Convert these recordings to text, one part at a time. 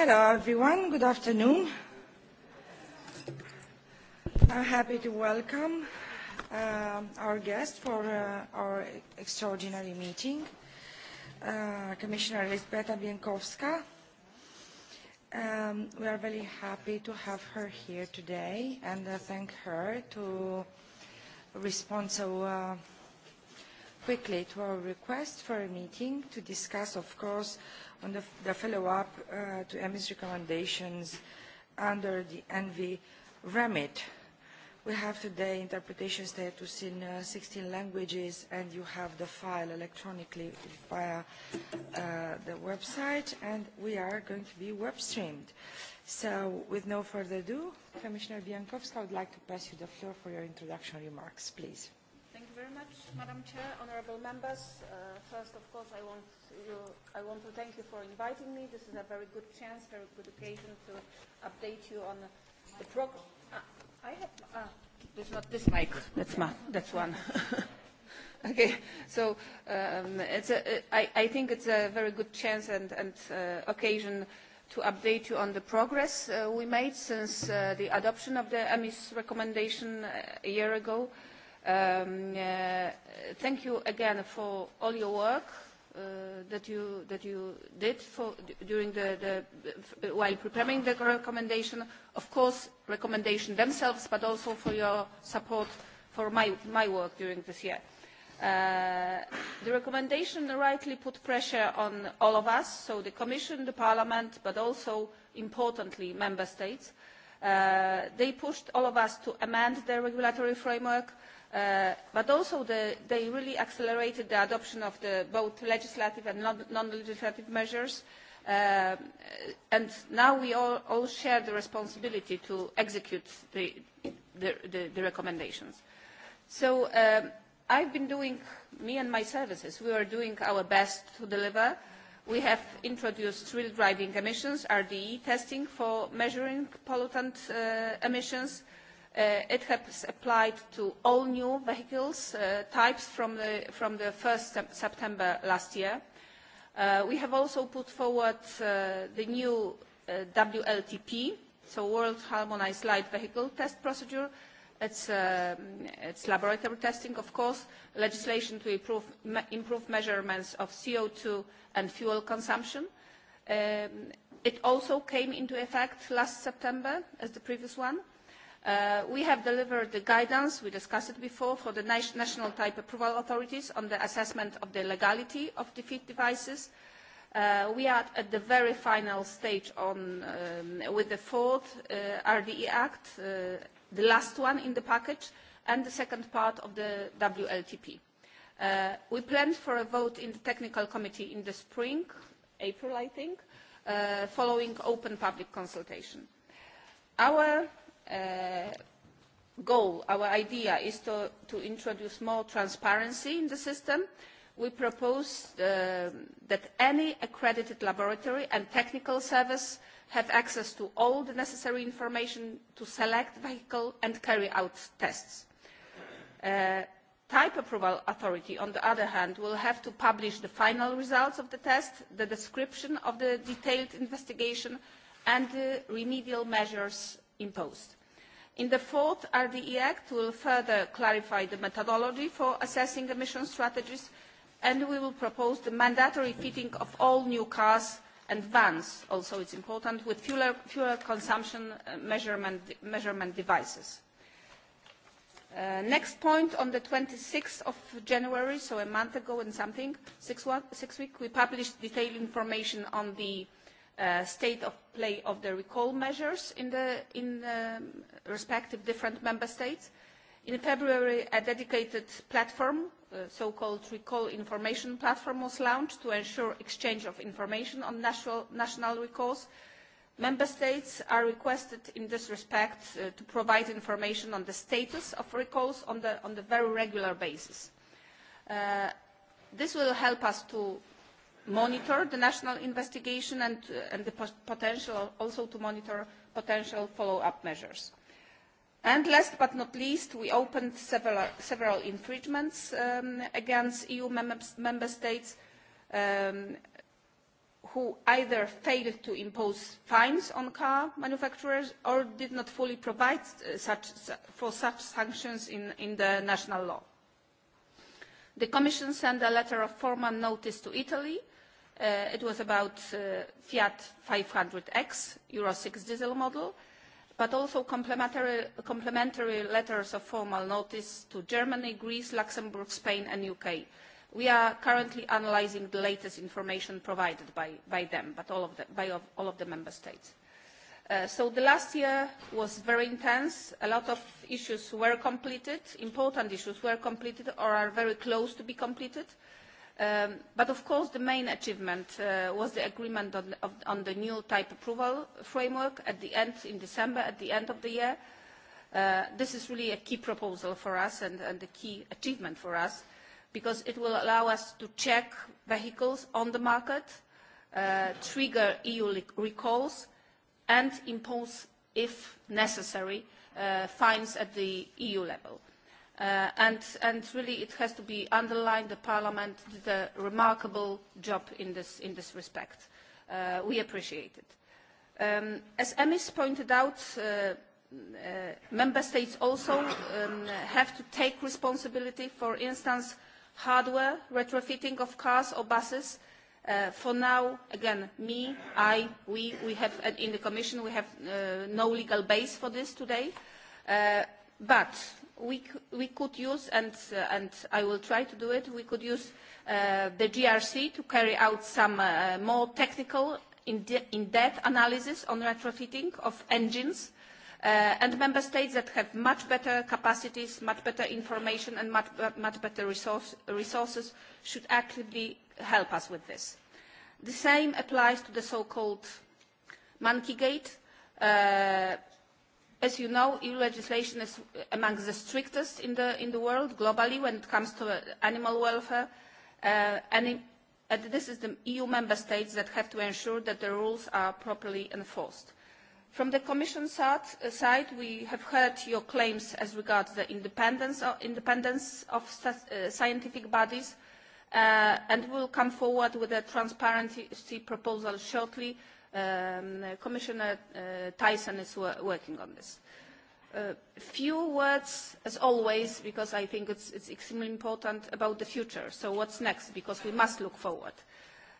Hello, everyone. Good afternoon. I'm happy to welcome uh, our guest for uh, our extraordinary meeting, uh, Commissioner Lisbeta Bienkowska. Um, we are very happy to have her here today and uh, thank her to respond so uh, quickly to our request for a meeting to discuss, of course, on the, the follow-up uh, to EMI's recommendations under the ENVI remit. We have today interpretation status in uh, 16 languages, and you have the file electronically via uh, the website, and we are going to be web-streamed. So with no further ado, Commissioner Biankowska, I would like to pass you the floor for your introduction remarks, please very much, Madam Chair, honourable members. Uh, first, of course, I want, you, I want to thank you for inviting me. This is a very good chance, very good occasion to update you on the progress. Uh, I have, Uh, this not this mic. That's, my. that's one. Okay, so um, it's a, I, I think it's a very good chance and, and uh, occasion to update you on the progress uh, we made since uh, the adoption of the EMIS recommendation a year ago. Uh, thank you again for all your work uh, that you that you did for during the, the while preparing the recommendation. Of course, recommendation themselves, but also for your support for my my work during this year. Uh, the recommendation rightly put pressure on all of us, so the Commission, the Parliament, but also, importantly, Member States. Uh, they pushed all of us to amend the regulatory framework, but also they really accelerated the adoption of both legislative and non-legislative measures. and now we all, share the responsibility to execute the, recommendations. So I have been doing, me and my services, we are doing our best to deliver. We have introduced real driving emissions, RDE testing for measuring pollutant emissions, it has applied to all new vehicles types from the, from the 1 September last year. we have also put forward the new WLTP, so World Harmonized Light Vehicle Test Procedure. It's, laboratory testing, of course, legislation to improve, improve measurements of CO2 and fuel consumption. it also came into effect last September as the previous one We have delivered the guidance, we discussed it before, for the national type approval authorities on the assessment of the legality of defeat devices. We are at the very final stage with the fourth RDE Act, the last one in the package, and the second part of the WLTP. We planned for a vote in the technical committee in the spring, April, I think, following open public consultation. Our uh, goal, our idea is to, to introduce more transparency in the system. We propose uh, that any accredited laboratory and technical service have access to all the necessary information to select vehicle and carry out tests. Uh, type approval authority, on the other hand, will have to publish the final results of the test, the description of the detailed investigation, and the remedial measures imposed In the fourth, RDE Act will further clarify the methodology for assessing emission strategies and we will propose the mandatory fitting of all new cars and vans, also it's important, with fuel, fuel consumption measurement, measurement devices. Uh, next point, on the 26th of January, so a month ago and something, six, one, six weeks, we published detailed information on the uh, state of play of the recall measures in the, in the respective different member states. In February, a dedicated platform, the so-called recall information platform, was launched to ensure exchange of information on national, national recalls. Member states are requested in this respect uh, to provide information on the status of recalls on the, on the very regular basis. Uh, this will help us to monitor the national investigation and, and the potential also to monitor potential follow-up measures. And last but not least, we opened several, several infringements um, against EU member states um, who either failed to impose fines on car manufacturers or did not fully provide such, for such sanctions in, in the national law. The Commission sent a letter of formal notice to Italy It was about Fiat 500X, Euro 6 diesel model, but also complementary letters of formal notice to Germany, Greece, Luxembourg, Spain, and U.K. We are currently analyzing the latest information provided by them, but by all of the member states. So the last year was very intense. A lot of issues were completed. Important issues were completed or are very close to be completed but of course the main achievement was the agreement on, the new type approval framework at the end in December, at the end of the year. this is really a key proposal for us and, and a key achievement for us because it will allow us to check vehicles on the market, trigger EU recalls and impose, if necessary, fines at the EU level Uh, and, and really it has to be underlined, the Parliament did a remarkable job in this, in this respect. Uh, we appreciate it. Um, as Emis pointed out, uh, uh, member states also um, have to take responsibility, for instance, hardware retrofitting of cars or buses. Uh, for now, again, me, I, we, we have, in the Commission, we have uh, no legal base for this today. Uh, but we, we could use, and, uh, and I will try to do it, we could use uh, the GRC to carry out some uh, more technical, in-depth analysis on retrofitting of engines uh, and member states that have much better capacities, much better information and much, much better resource, resources should actively help us with this. The same applies to the so-called monkey gate. Uh, As you know, EU legislation is among the strictest in the, in the world globally when it comes to animal welfare. Uh, and, and this is the EU member states that have to ensure that the rules are properly enforced. From the Commission side, we have heard your claims as regards the independence of, independence of scientific bodies, uh, and will come forward with a transparency proposal shortly Um, Commissioner uh, Tyson is wor working on this. A few words, as always, because I think it's, it's extremely important about the future. So what's next? Because we must look forward.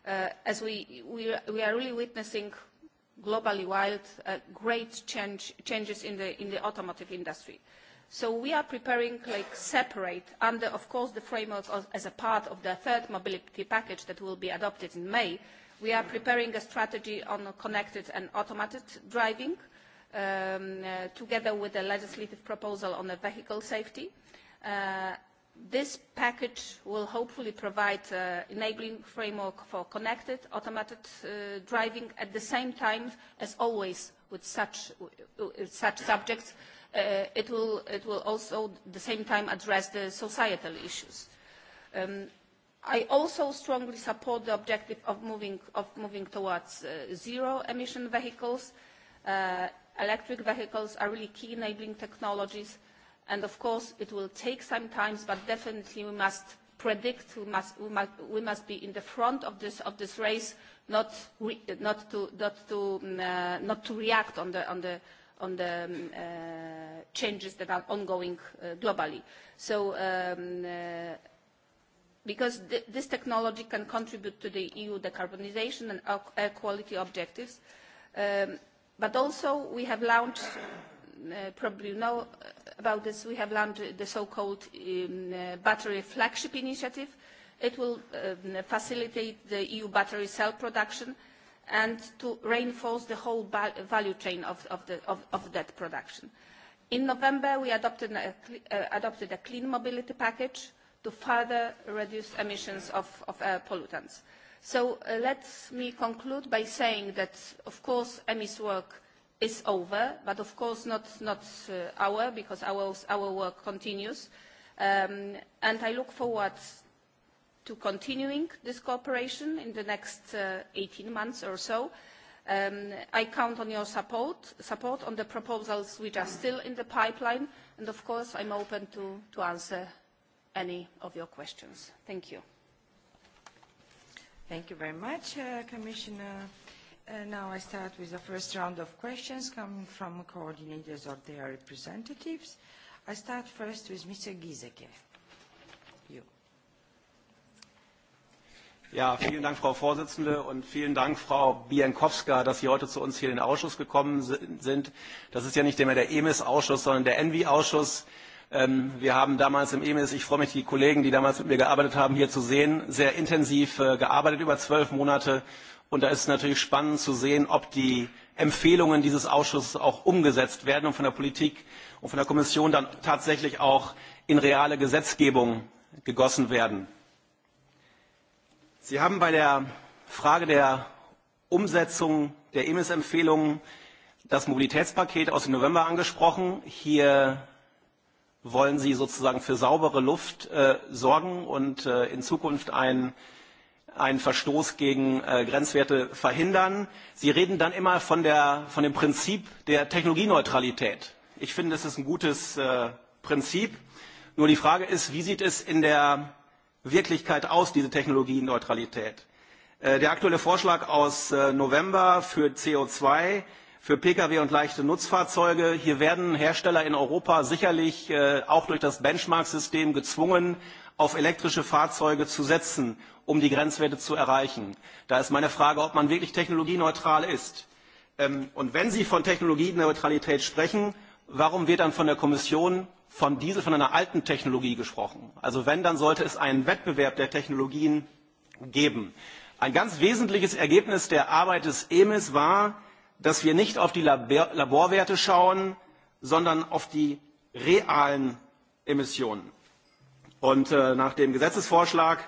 Uh, as we, we, we are really witnessing globally wild uh, great change, changes in the, in the automotive industry. So we are preparing like separate under, of course, the framework of, as a part of the third mobility package that will be adopted in May, uh, We are preparing a strategy on connected and automated driving together with a legislative proposal on vehicle safety. This package will hopefully provide an enabling framework for connected, automated driving at the same time, as always with such, subjects, it, will, also at the same time address the societal issues I also strongly support the objective of moving, of moving towards uh, zero emission vehicles. Uh, electric vehicles are really key enabling technologies and of course it will take some time but definitely we must predict, we must, we must, we must be in the front of this, of this race, not, re, not, to, not, to, uh, not to react on the, on the, on the um, uh, changes that are ongoing uh, globally. So um, uh, because th this technology can contribute to the EU decarbonisation and air quality objectives. Um, but also we have launched, uh, probably you know about this, we have launched the so-called um, uh, battery flagship initiative. It will um, facilitate the EU battery cell production and to reinforce the whole value chain of, of, the, of, of that production. In November, we adopted a, uh, adopted a clean mobility package to further reduce emissions of, of air pollutants. So uh, let me conclude by saying that, of course, EMI's work is over, but of course not, not uh, our, because our, our work continues. Um, and I look forward to continuing this cooperation in the next uh, 18 months or so. Um, I count on your support, support on the proposals which are still in the pipeline, and of course I'm open to, to answer any of your questions. Thank you. Thank you very much, uh, Commissioner. Uh, now I start with the first round of questions coming from coordinators or their representatives. I start first with Mr. Giesecke. You. Ja, vielen Dank, Frau Vorsitzende, und vielen Dank, Frau Bienkowska, dass Sie heute zu uns hier in den Ausschuss gekommen sind. Das ist ja nicht mehr der EMIS-Ausschuss, sondern der ENVI-Ausschuss. ausschuss Wir haben damals im EMIS, ich freue mich, die Kollegen, die damals mit mir gearbeitet haben, hier zu sehen, sehr intensiv gearbeitet über zwölf Monate. Und da ist es natürlich spannend zu sehen, ob die Empfehlungen dieses Ausschusses auch umgesetzt werden und von der Politik und von der Kommission dann tatsächlich auch in reale Gesetzgebung gegossen werden. Sie haben bei der Frage der Umsetzung der EMIS-Empfehlungen das Mobilitätspaket aus dem November angesprochen. Hier wollen Sie sozusagen für saubere Luft sorgen und in Zukunft einen einen Verstoß gegen Grenzwerte verhindern. Sie reden dann immer von, dem Prinzip der Technologieneutralität. Ich finde, das ist ein gutes Prinzip. Nur die Frage ist, wie sieht es in der Wirklichkeit aus, diese Technologieneutralität? der aktuelle Vorschlag aus November für CO2 für Pkw und leichte Nutzfahrzeuge. Hier werden Hersteller in Europa sicherlich auch durch das Benchmark-System gezwungen, auf elektrische Fahrzeuge zu setzen, um die Grenzwerte zu erreichen. Da ist meine Frage, ob man wirklich technologieneutral ist. Und wenn Sie von Technologieneutralität sprechen, warum wird dann von der Kommission von Diesel, von einer alten Technologie gesprochen? Also wenn, dann sollte es einen Wettbewerb der Technologien geben. Ein ganz wesentliches Ergebnis der Arbeit des EMIS war, dass wir nicht auf die Laborwerte schauen, sondern auf die realen Emissionen. Und nach dem Gesetzesvorschlag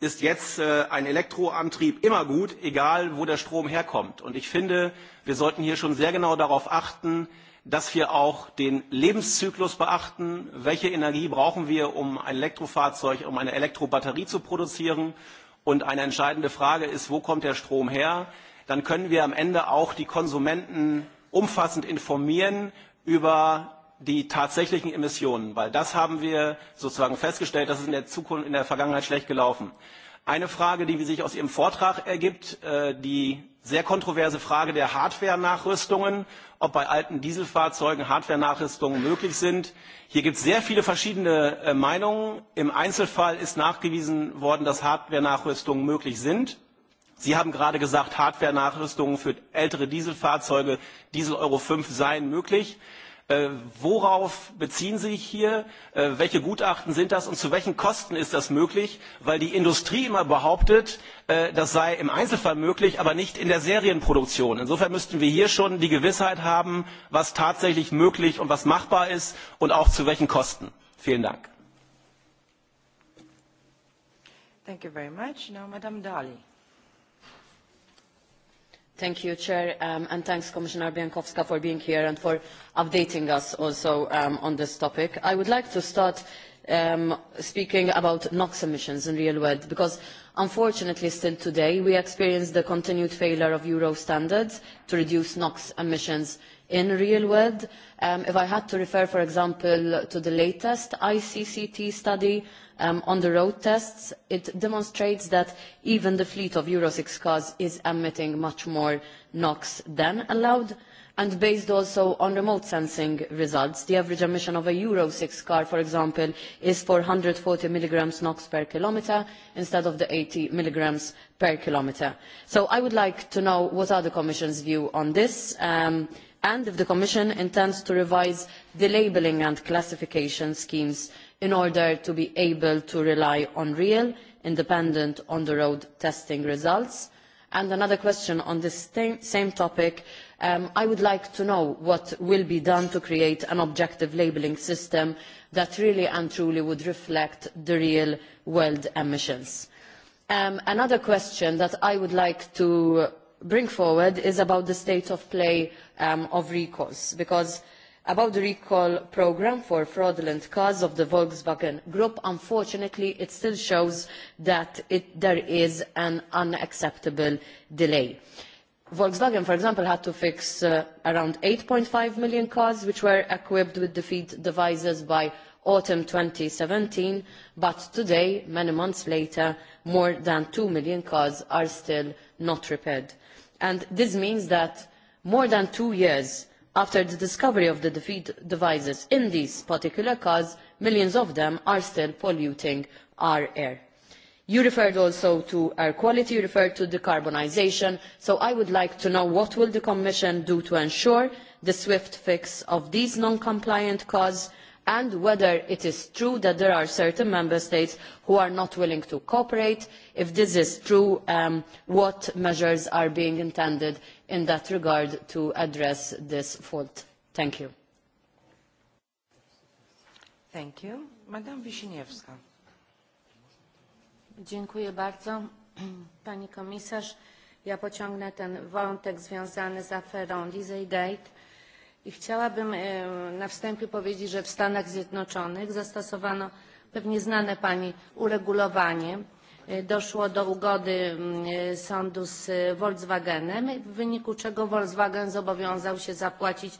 ist jetzt ein Elektroantrieb immer gut, egal wo der Strom herkommt. Und ich finde, wir sollten hier schon sehr genau darauf achten, dass wir auch den Lebenszyklus beachten. Welche Energie brauchen wir, um ein Elektrofahrzeug, um eine Elektrobatterie zu produzieren? Und eine entscheidende Frage ist, wo kommt der Strom her? dann können wir am Ende auch die Konsumenten umfassend informieren über die tatsächlichen Emissionen, weil das haben wir sozusagen festgestellt, das ist in der Zukunft, in der Vergangenheit schlecht gelaufen. Eine Frage, die sich aus Ihrem Vortrag ergibt, die sehr kontroverse Frage der Hardware-Nachrüstungen, ob bei alten Dieselfahrzeugen Hardware-Nachrüstungen möglich sind. Hier gibt es sehr viele verschiedene Meinungen. Im Einzelfall ist nachgewiesen worden, dass Hardware-Nachrüstungen möglich sind. Sie haben gerade gesagt, Hardware-Nachrüstungen für ältere Dieselfahrzeuge, Diesel Euro 5 seien möglich. Worauf beziehen Sie sich hier? Welche Gutachten sind das und zu welchen Kosten ist das möglich? Weil die Industrie immer behauptet, das sei im Einzelfall möglich, aber nicht in der Serienproduktion. Insofern müssten wir hier schon die Gewissheit haben, was tatsächlich möglich und was machbar ist und auch zu welchen Kosten. Vielen Dank. Thank you very much. Now, Madame Dali. Thank you, Chair, and thanks, Commissioner Biankowska, for being here and for updating us also um, on this topic. I would like to start um, speaking about NOx emissions in real world, because unfortunately still today we experience the continued failure of Euro standards to reduce NOx emissions in the real world. if I had to refer, for example, to the latest ICCT study on the road tests, it demonstrates that even the fleet of Euro six cars is emitting much more NOx than allowed. And based also on remote sensing results, the average emission of a Euro six car, for example, is four hundred and forty milligrams NOx per kilometre instead of the eighty milligrams per kilometre. So I would like to know what the Commission's view on this. Um, and if the Commission intends to revise the labelling and classification schemes in order to be able to rely on real, independent on-the-road testing results. And another question on this same topic, I would like to know what will be done to create an objective labelling system that really and truly would reflect the real world emissions. another question that I would like to bring forward is about the state of play of recalls, because about the recall programme for fraudulent cars of the Volkswagen Group, unfortunately, it still shows that there is an unacceptable delay. Volkswagen, for example, had to fix around eight five million cars which were equipped with defeat devices by autumn seventeen, but today, many months later, more than two million cars are still not repaired and this means that more than two years after the discovery of the devices in these particular cars, millions of them are still polluting our air. You referred also to air quality, you referred to decarbonisation, so I would like to know what will the Commission do to ensure the swift fix of these non-compliant cars and whether it is true that there are certain member states who are not willing to cooperate. If this is true, what measures are being intended in that regard to address this fault? Thank you. Thank you. Madam Wiśniewska. Dziękuję bardzo. Pani komisarz, ja pociągnę ten wątek związany z aferą Lizzie I chciałabym na wstępie powiedzieć, że w Stanach Zjednoczonych zastosowano pewnie znane Pani uregulowanie. Doszło do ugody sądu z Volkswagenem, w wyniku czego Volkswagen zobowiązał się zapłacić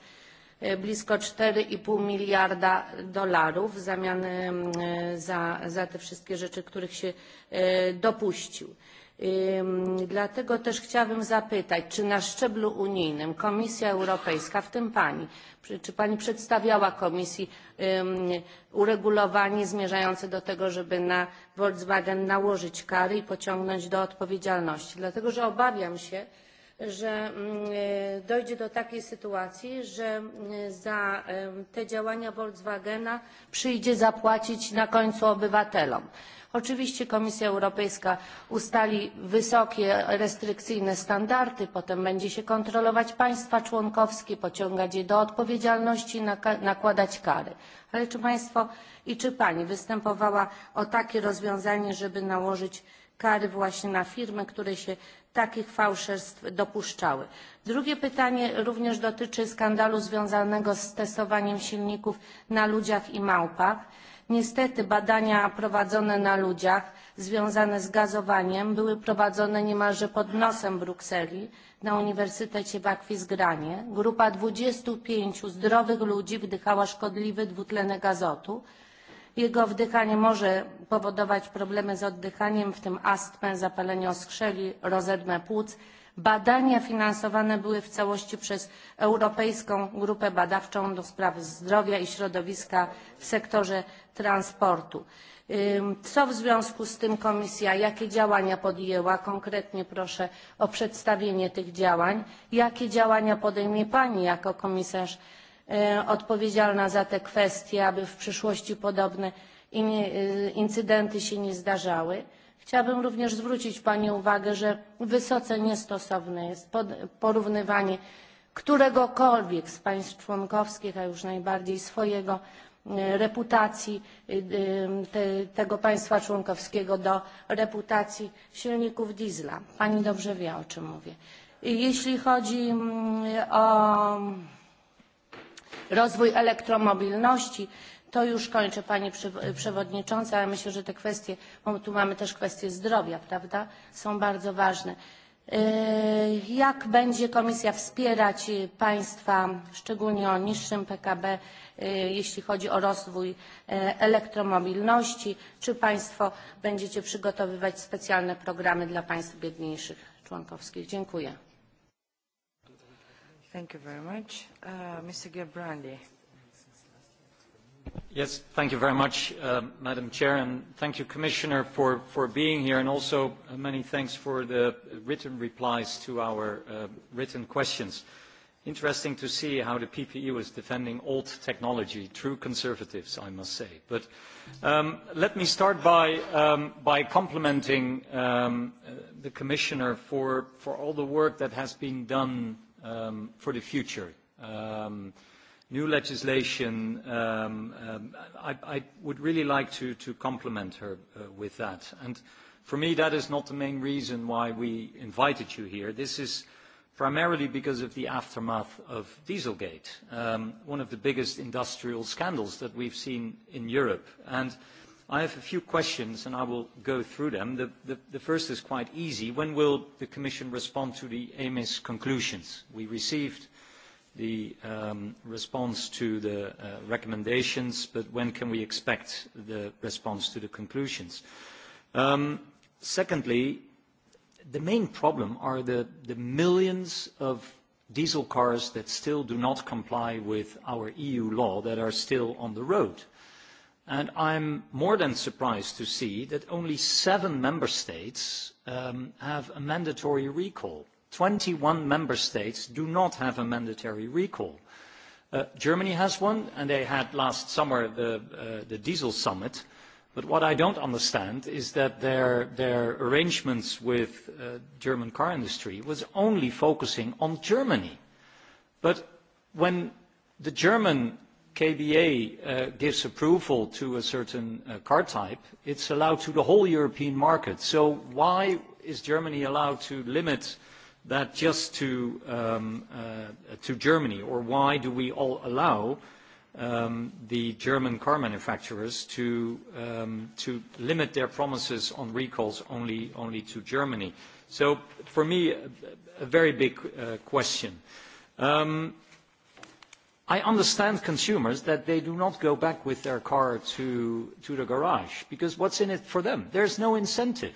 blisko 4,5 miliarda dolarów w zamian za, za te wszystkie rzeczy, których się dopuścił. Dlatego też chciałabym zapytać, czy na szczeblu unijnym Komisja Europejska, w tym Pani, czy Pani przedstawiała Komisji uregulowanie zmierzające do tego, żeby na Volkswagen nałożyć kary i pociągnąć do odpowiedzialności? Dlatego, że obawiam się, że dojdzie do takiej sytuacji, że za te działania Volkswagena przyjdzie zapłacić na końcu obywatelom. Oczywiście Komisja Europejska ustali wysokie, restrykcyjne standardy, potem będzie się kontrolować państwa członkowskie, pociągać je do odpowiedzialności, nakładać kary. Ale czy państwo i czy pani występowała o takie rozwiązanie, żeby nałożyć kary właśnie na firmy, które się takich fałszerstw dopuszczały. Drugie pytanie również dotyczy skandalu związanego z testowaniem silników na ludziach i małpach. Niestety badania prowadzone na ludziach związane z gazowaniem były prowadzone niemalże pod nosem Brukseli na Uniwersytecie w Akwizgranie. Grupa 25 zdrowych ludzi wdychała szkodliwy dwutlenek azotu. Jego wdychanie może powodować problemy z oddychaniem, w tym astmę, zapalenie oskrzeli, rozedmę płuc. Badania finansowane były w całości przez Europejską Grupę Badawczą do Spraw Zdrowia i Środowiska w sektorze transportu. Co w związku z tym Komisja, jakie działania podjęła? Konkretnie proszę o przedstawienie tych działań. Jakie działania podejmie Pani jako komisarz odpowiedzialna za te kwestie, aby w przyszłości podobne incydenty się nie zdarzały? Chciałabym również zwrócić Pani uwagę, że wysoce niestosowne jest porównywanie któregokolwiek z państw członkowskich, a już najbardziej swojego reputacji tego państwa członkowskiego do reputacji silników diesla. Pani dobrze wie, o czym mówię. Jeśli chodzi o rozwój elektromobilności, to już kończę Pani Przewodnicząca, ale myślę, że te kwestie, bo tu mamy też kwestie zdrowia, prawda, są bardzo ważne. Jak będzie Komisja wspierać państwa, szczególnie o niższym PKB, jeśli chodzi o rozwój elektromobilności? Czy Państwo będziecie przygotowywać specjalne programy dla państw biedniejszych członkowskich? Dziękuję. Thank you very much. Uh, Mr. Gebrandi. Yes, thank you very much, uh, Madam Chair, and thank you, Commissioner, for, for being here, and also many thanks for the written replies to our uh, written questions interesting to see how the PPE was defending old technology, true conservatives, I must say. But um, let me start by, um, by complimenting um, the Commissioner for, for all the work that has been done um, for the future. Um, new legislation, um, um, I, I would really like to, to compliment her uh, with that. And for me, that is not the main reason why we invited you here. This is primarily because of the aftermath of Dieselgate, um, one of the biggest industrial scandals that we've seen in Europe. And I have a few questions, and I will go through them. The, the, the first is quite easy. When will the Commission respond to the AMIS conclusions? We received the um, response to the uh, recommendations, but when can we expect the response to the conclusions? Um, secondly, the main problem are the, the millions of diesel cars that still do not comply with our EU law that are still on the road. And I'm more than surprised to see that only seven member states um, have a mandatory recall. 21 member states do not have a mandatory recall. Uh, Germany has one, and they had last summer the, uh, the diesel summit, uh, But what I don't understand is that their, their arrangements with the German car industry was only focusing on Germany. But when the German KBA gives approval to a certain car type, it's allowed to the whole European market. So why is Germany allowed to limit that just to Germany? Or why do we all allow um, the German car manufacturers to, to limit their promises on recalls only, only to Germany. So for me, a very big question. I understand consumers that they do not go back with their car to, to the garage because what's in it for them? There's no incentive.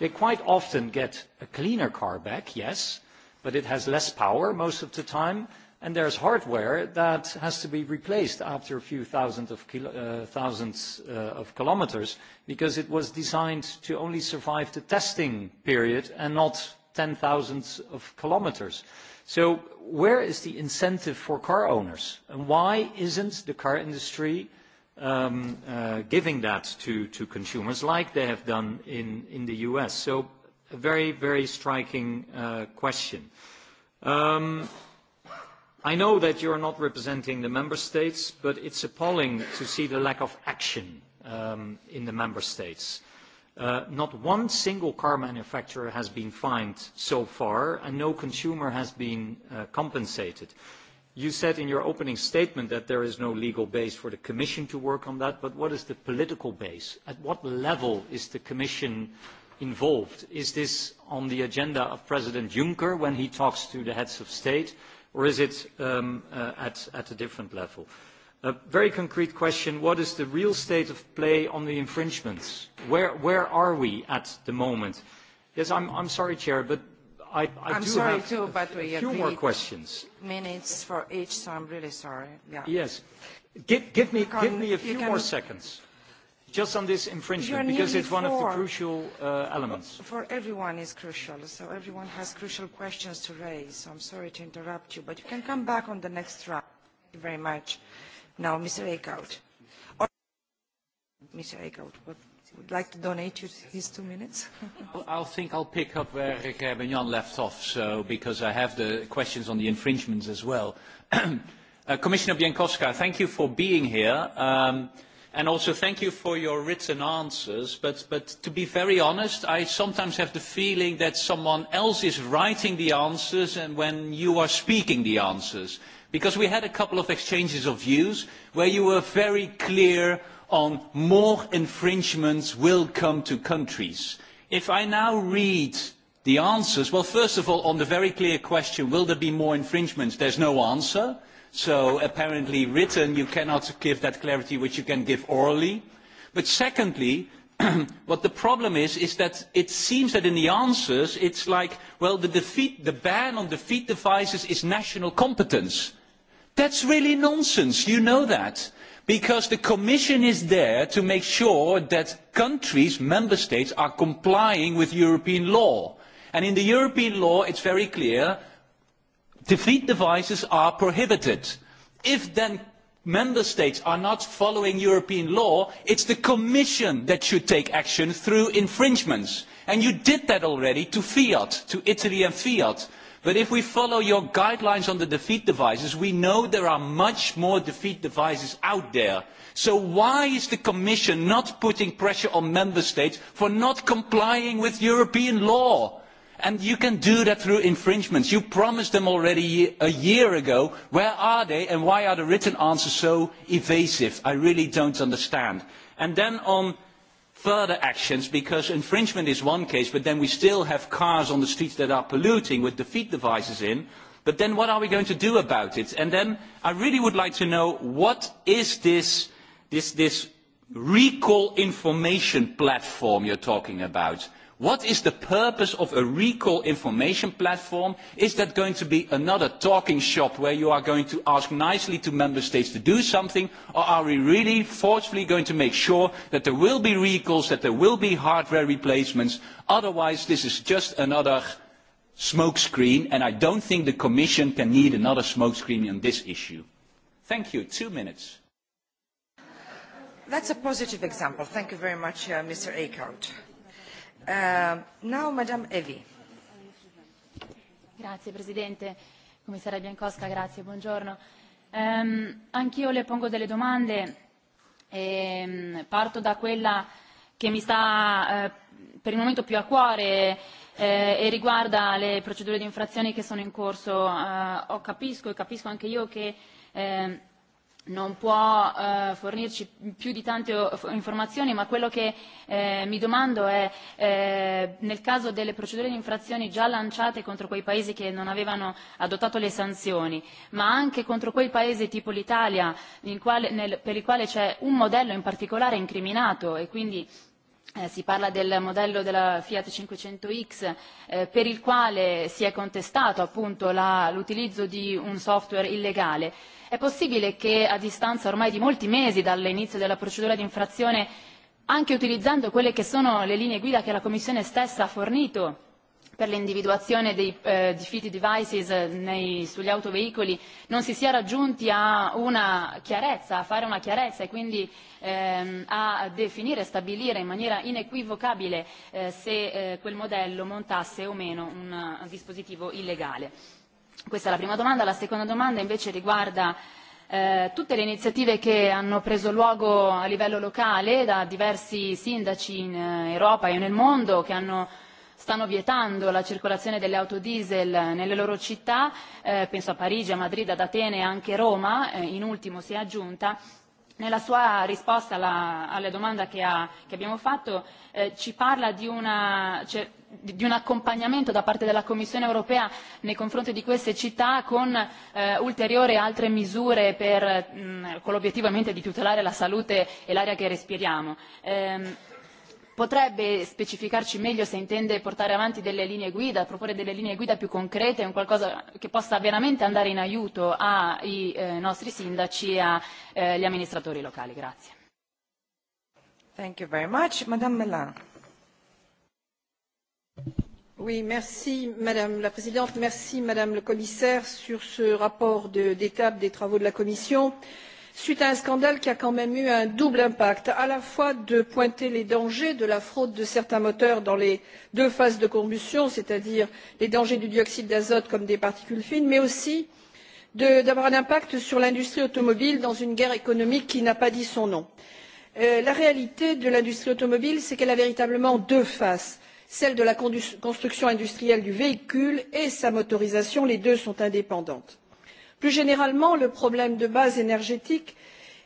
They quite often get a cleaner car back, yes, but it has less power most of the time and there's hardware that has to be replaced after a few thousands of, of kilometers because it was designed to only survive the testing period and not ten thousands of kilometers. So where is the incentive for car owners? And why isn't the car industry giving that to, consumers like they have done in, the US? So a very, very striking question. I know that you are not representing the member states, but it is appalling to see the lack of action in the member states. not one single car manufacturer has been fined so far, and no consumer has been compensated. You said in your opening statement that there is no legal base for the Commission to work on that, but what is the political base? At what level is the Commission involved? Is this on the agenda of President Juncker when he talks to the heads of state? or is it at a different level? A very concrete question, what is the real state of play on the infringements? Where are we at the moment? Yes, I'm sorry, Chair, but I do have a few more questions. Minutes for each, so I'm really sorry. Yes. Give me a few more seconds. Just on this infringement, because it's one of the crucial uh, elements. For everyone is crucial, so everyone has crucial questions to raise. So I'm sorry to interrupt you, but you can come back on the next round. Thank you very much. Now, Mr. Eickhout. Or Mr. Eickhout, what would like to donate you his two minutes? I think I'll pick up where Rick Benyan left off, so because I have the questions on the infringements as well. uh, Commissioner Bienkowska, thank you for being here. Um, And also thank you for your written answers. But, but to be very honest, I sometimes have the feeling that someone else is writing the answers and when you are speaking the answers. Because we had a couple of exchanges of views where you were very clear on more infringements will come to countries. If I now read the answers, well, first of all, on the very clear question, will there be more infringements, there's no answer. So apparently written, you cannot give that clarity which you can give orally. But secondly, what the problem is, is that it seems that in the answers, it's like, well, the, defeat, the ban on defeat devices is national competence. That's really nonsense. You know that. Because the Commission is there to make sure that countries, member states, are complying with European law. And in the European law, it's very clear defeat devices are prohibited. If then member states are not following European law, it is the Commission that should take action through infringements. And you did that already to Fiat, to Italy and Fiat. But if we follow your guidelines on the defeat devices, we know there are much more defeat devices out there. So why is the Commission not putting pressure on member states for not complying with European law? And you can do that through infringements. You promised them already a year ago. Where are they and why are the written answers so evasive? I really do not understand. And then on further actions, because infringement is one case, but then we still have cars on the streets that are polluting with defeat devices in. But then what are we going to do about it? And then I really would like to know what is this, this, this recall information platform you are talking about? What is the purpose of a recall information platform? Is that going to be another talking shop where you are going to ask nicely to member states to do something? Or are we really forcefully going to make sure that there will be recalls, that there will be hardware replacements? Otherwise, this is just another smokescreen, and I don't think the Commission can need another smokescreen on this issue. Thank you. Two minutes. That's a positive example. Thank you very much, Mr. Eickhout signora Grazie Presidente, Commissaria biekowska grazie, buongiorno. anch'io le pongo delle domande e parto da quella che mi sta per il momento più a cuore e riguarda le procedure di infrazione che sono in corso. capisco e capisco anche io che non può eh, fornirci più di tante informazioni, ma quello che eh, mi domando è eh, nel caso delle procedure di infrazione già lanciate contro quei paesi che non avevano adottato le sanzioni, ma anche contro quei paesi tipo l'Italia per il quale c'è un modello in particolare incriminato e quindi si parla del modello della Fiat 500X eh, per il quale si è contestato appunto l'utilizzo di un software illegale. È possibile che a distanza ormai di molti mesi dall'inizio della procedura di infrazione, anche utilizzando quelle che sono le linee guida che la Commissione stessa ha fornito per l'individuazione dei eh, defeat devices nei, sugli autoveicoli non si sia raggiunti a una chiarezza, a fare una chiarezza e quindi ehm, a definire e stabilire in maniera inequivocabile eh, se eh, quel modello montasse o meno un dispositivo illegale. Questa è la prima domanda. La seconda domanda invece riguarda tutte le iniziative che hanno preso luogo a livello locale da diversi sindaci in Europa e nel mondo che hanno stanno vietando la circolazione delle auto diesel nelle loro città, eh, penso a Parigi, a Madrid, ad Atene e anche Roma, eh, in ultimo si è aggiunta, nella sua risposta alla, alla domanda che, ha, che abbiamo fatto eh, ci parla di, una, cioè, di un accompagnamento da parte della Commissione europea nei confronti di queste città con eh, ulteriori altre misure per, mh, con l'obiettivo di tutelare la salute e l'aria che respiriamo. Eh, Potrebbe specificarci meglio se intende portare avanti delle linee guida, proporre delle linee guida più concrete, un qualcosa che possa veramente andare in aiuto ai eh, nostri sindaci e agli amministratori locali. Grazie. Thank you very much. Madame Melin. Oui, merci Madame la Présidente, merci Madame le Commissaire sur ce rapport d'étape des travaux de la Commission. Euh, suite à un scandale qui a quand même eu un double impact à la fois de pointer les dangers de la fraude de certains moteurs dans les deux phases de combustion c'est à dire les dangers du dioxyde d'azote comme des particules fines mais aussi d'avoir un impact sur l'industrie automobile dans une guerre économique qui n'a pas dit son nom. la réalité de l'industrie automobile c'est qu'elle a véritablement deux faces celle de la construction industrielle du véhicule et sa motorisation les deux sont indépendantes plus généralement le problème de base énergétique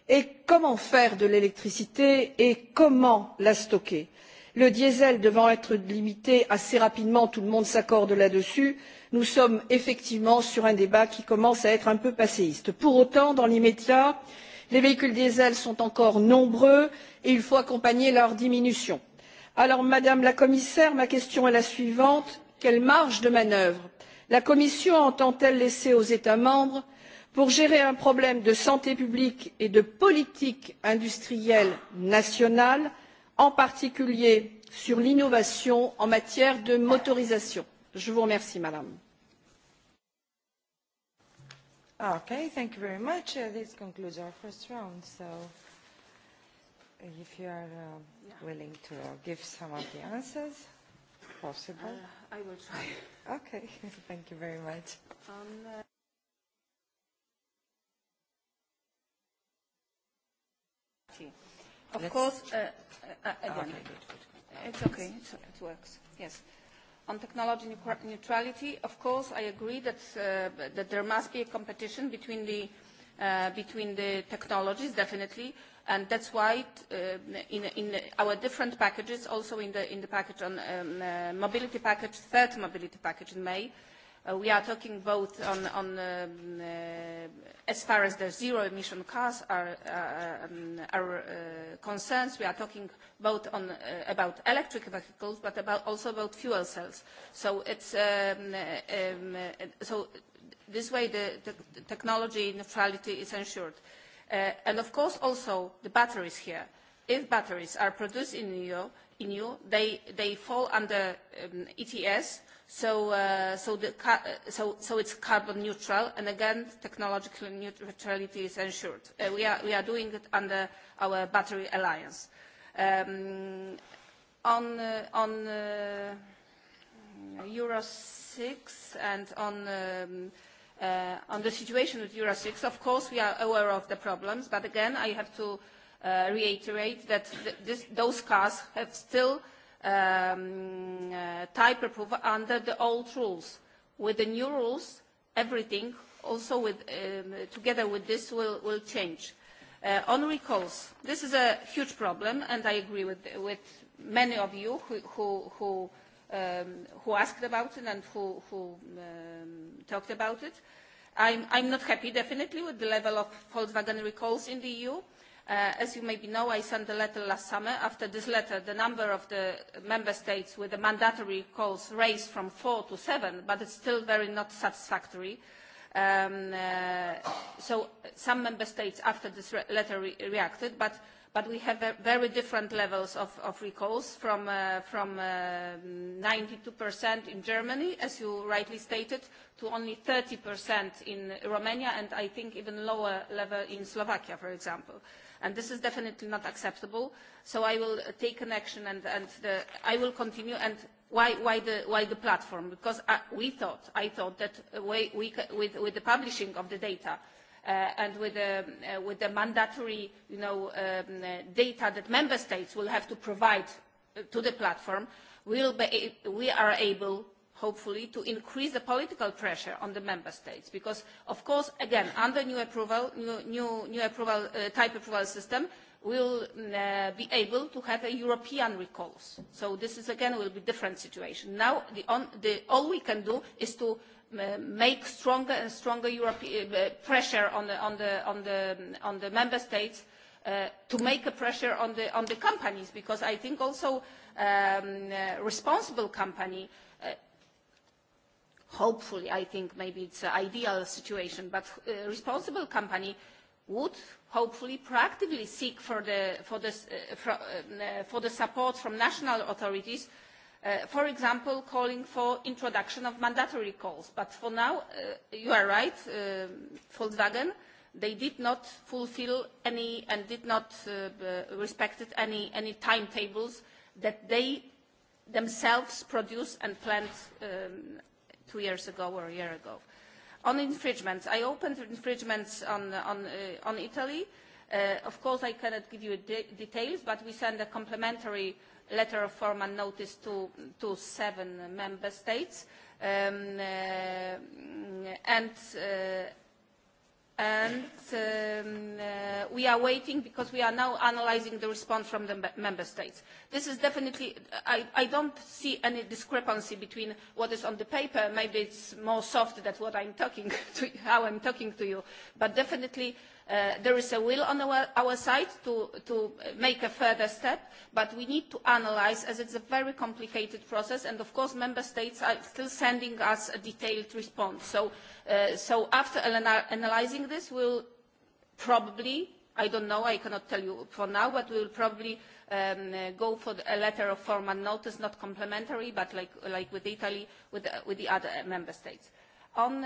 est comment faire de l'électricité et comment la stocker? le diesel devant être limité assez rapidement tout le monde s'accorde là dessus nous sommes effectivement sur un débat qui commence à être un peu passéiste. pour autant dans l'immédiat les véhicules diesel sont encore nombreux et il faut accompagner leur diminution. alors madame la commissaire ma question est la suivante quelle marge de manœuvre la commission entend elle laisser aux états membres pour gérer un problème de santé publique et de politique industrielle nationale en particulier sur l'innovation en matière de motorisation? je vous remercie madame. Okay, thank you very much. Uh, this concludes our first round. So, if you are uh, willing to uh, give some of the answers possible? Uh, I will try. okay, thank you very much. Um, uh, Of course, uh, uh, again, okay, good, good. it's okay, it's, it works, yes. On technology neutrality, of course, I agree that, uh, that there must be a competition between the, uh, between the technologies, definitely, and that's why in, in our different packages, also in the, in the package on um, uh, mobility package, third mobility package in May, uh, we are talking both on, on um, uh, as far as the zero emission cars are, concerned, um, are uh, concerns, we are talking both on, uh, about electric vehicles, but about also about fuel cells. So it's um, um, so this way the, the technology neutrality is ensured and of course also the batteries here. If batteries are produced in EU, in EU they, they fall under um, ETS, so, uh, so, the so, so it's carbon neutral, and again, technological neutrality is ensured. Uh, we, are, we are doing it under our battery alliance. Um, on uh, on uh, Euro 6 and on um, Uh, on the situation with Euro 6, of course we are aware of the problems, but again I have to uh, reiterate that th this, those cars have still um, uh, type approval under the old rules. With the new rules, everything also with, um, together with this will, will change. Uh, on recalls, this is a huge problem and I agree with, with many of you who, who, who um, who asked about it and who, who um, talked about it. I'm, I'm not happy, definitely, with the level of Volkswagen recalls in the EU. Uh, as you maybe know, I sent a letter last summer. After this letter, the number of the member states with the mandatory calls raised from four to seven, but it's still very not satisfactory. Um, uh, so some member states after this re letter re reacted, but but we have very different levels of recalls from 92% in Germany, as you rightly stated, to only 30% in Romania, and I think even lower level in Slovakia, for example. And This is definitely not acceptable. So I will take an action and I will continue. and Why the platform? Because we thought, I thought that with the publishing of the data, and with the, uh, with the mandatory you know, um, data that member states will have to provide to the platform, we'll be, we are able hopefully to increase the political pressure on the member states because of course again under new approval new, new, new approval uh, type approval system will uh, be able to have a European recourse. So this is again will be a different situation. Now the on, the, all we can do is to make stronger and stronger European pressure on the, on, the, on, the, on the member states uh, to make a pressure on the, on the companies because I think also um, uh, responsible company uh, hopefully I think maybe it's an ideal situation but responsible company uh, would hopefully proactively seek for the, for the, uh, for, uh, for the support from national authorities, uh, for example, calling for introduction of mandatory calls. But for now, uh, you are right, uh, Volkswagen, they did not fulfill any and did not uh, respected any, any timetables that they themselves produced and planned um, two years ago or a year ago. On infringements, I opened infringements on, on, uh, on Italy. Uh, of course, I cannot give you de details, but we send a complementary letter of formal notice to, to seven member states. Um, uh, and and we are waiting because we are now analyzing the response from the member states. This is definitely, I, I don't see any discrepancy between what is on the paper, maybe it's more soft than what I'm talking to, how I'm talking to you, but definitely uh, there is a will on our side to make a further step, but we need to analyse, as it's a very complicated process, and of course, member states are still sending us a detailed response. So, after analysing this, we will probably, I don't know, I cannot tell you for now, but we will probably go for a letter of formal notice, not complementary, but like with Italy, with the other member states. On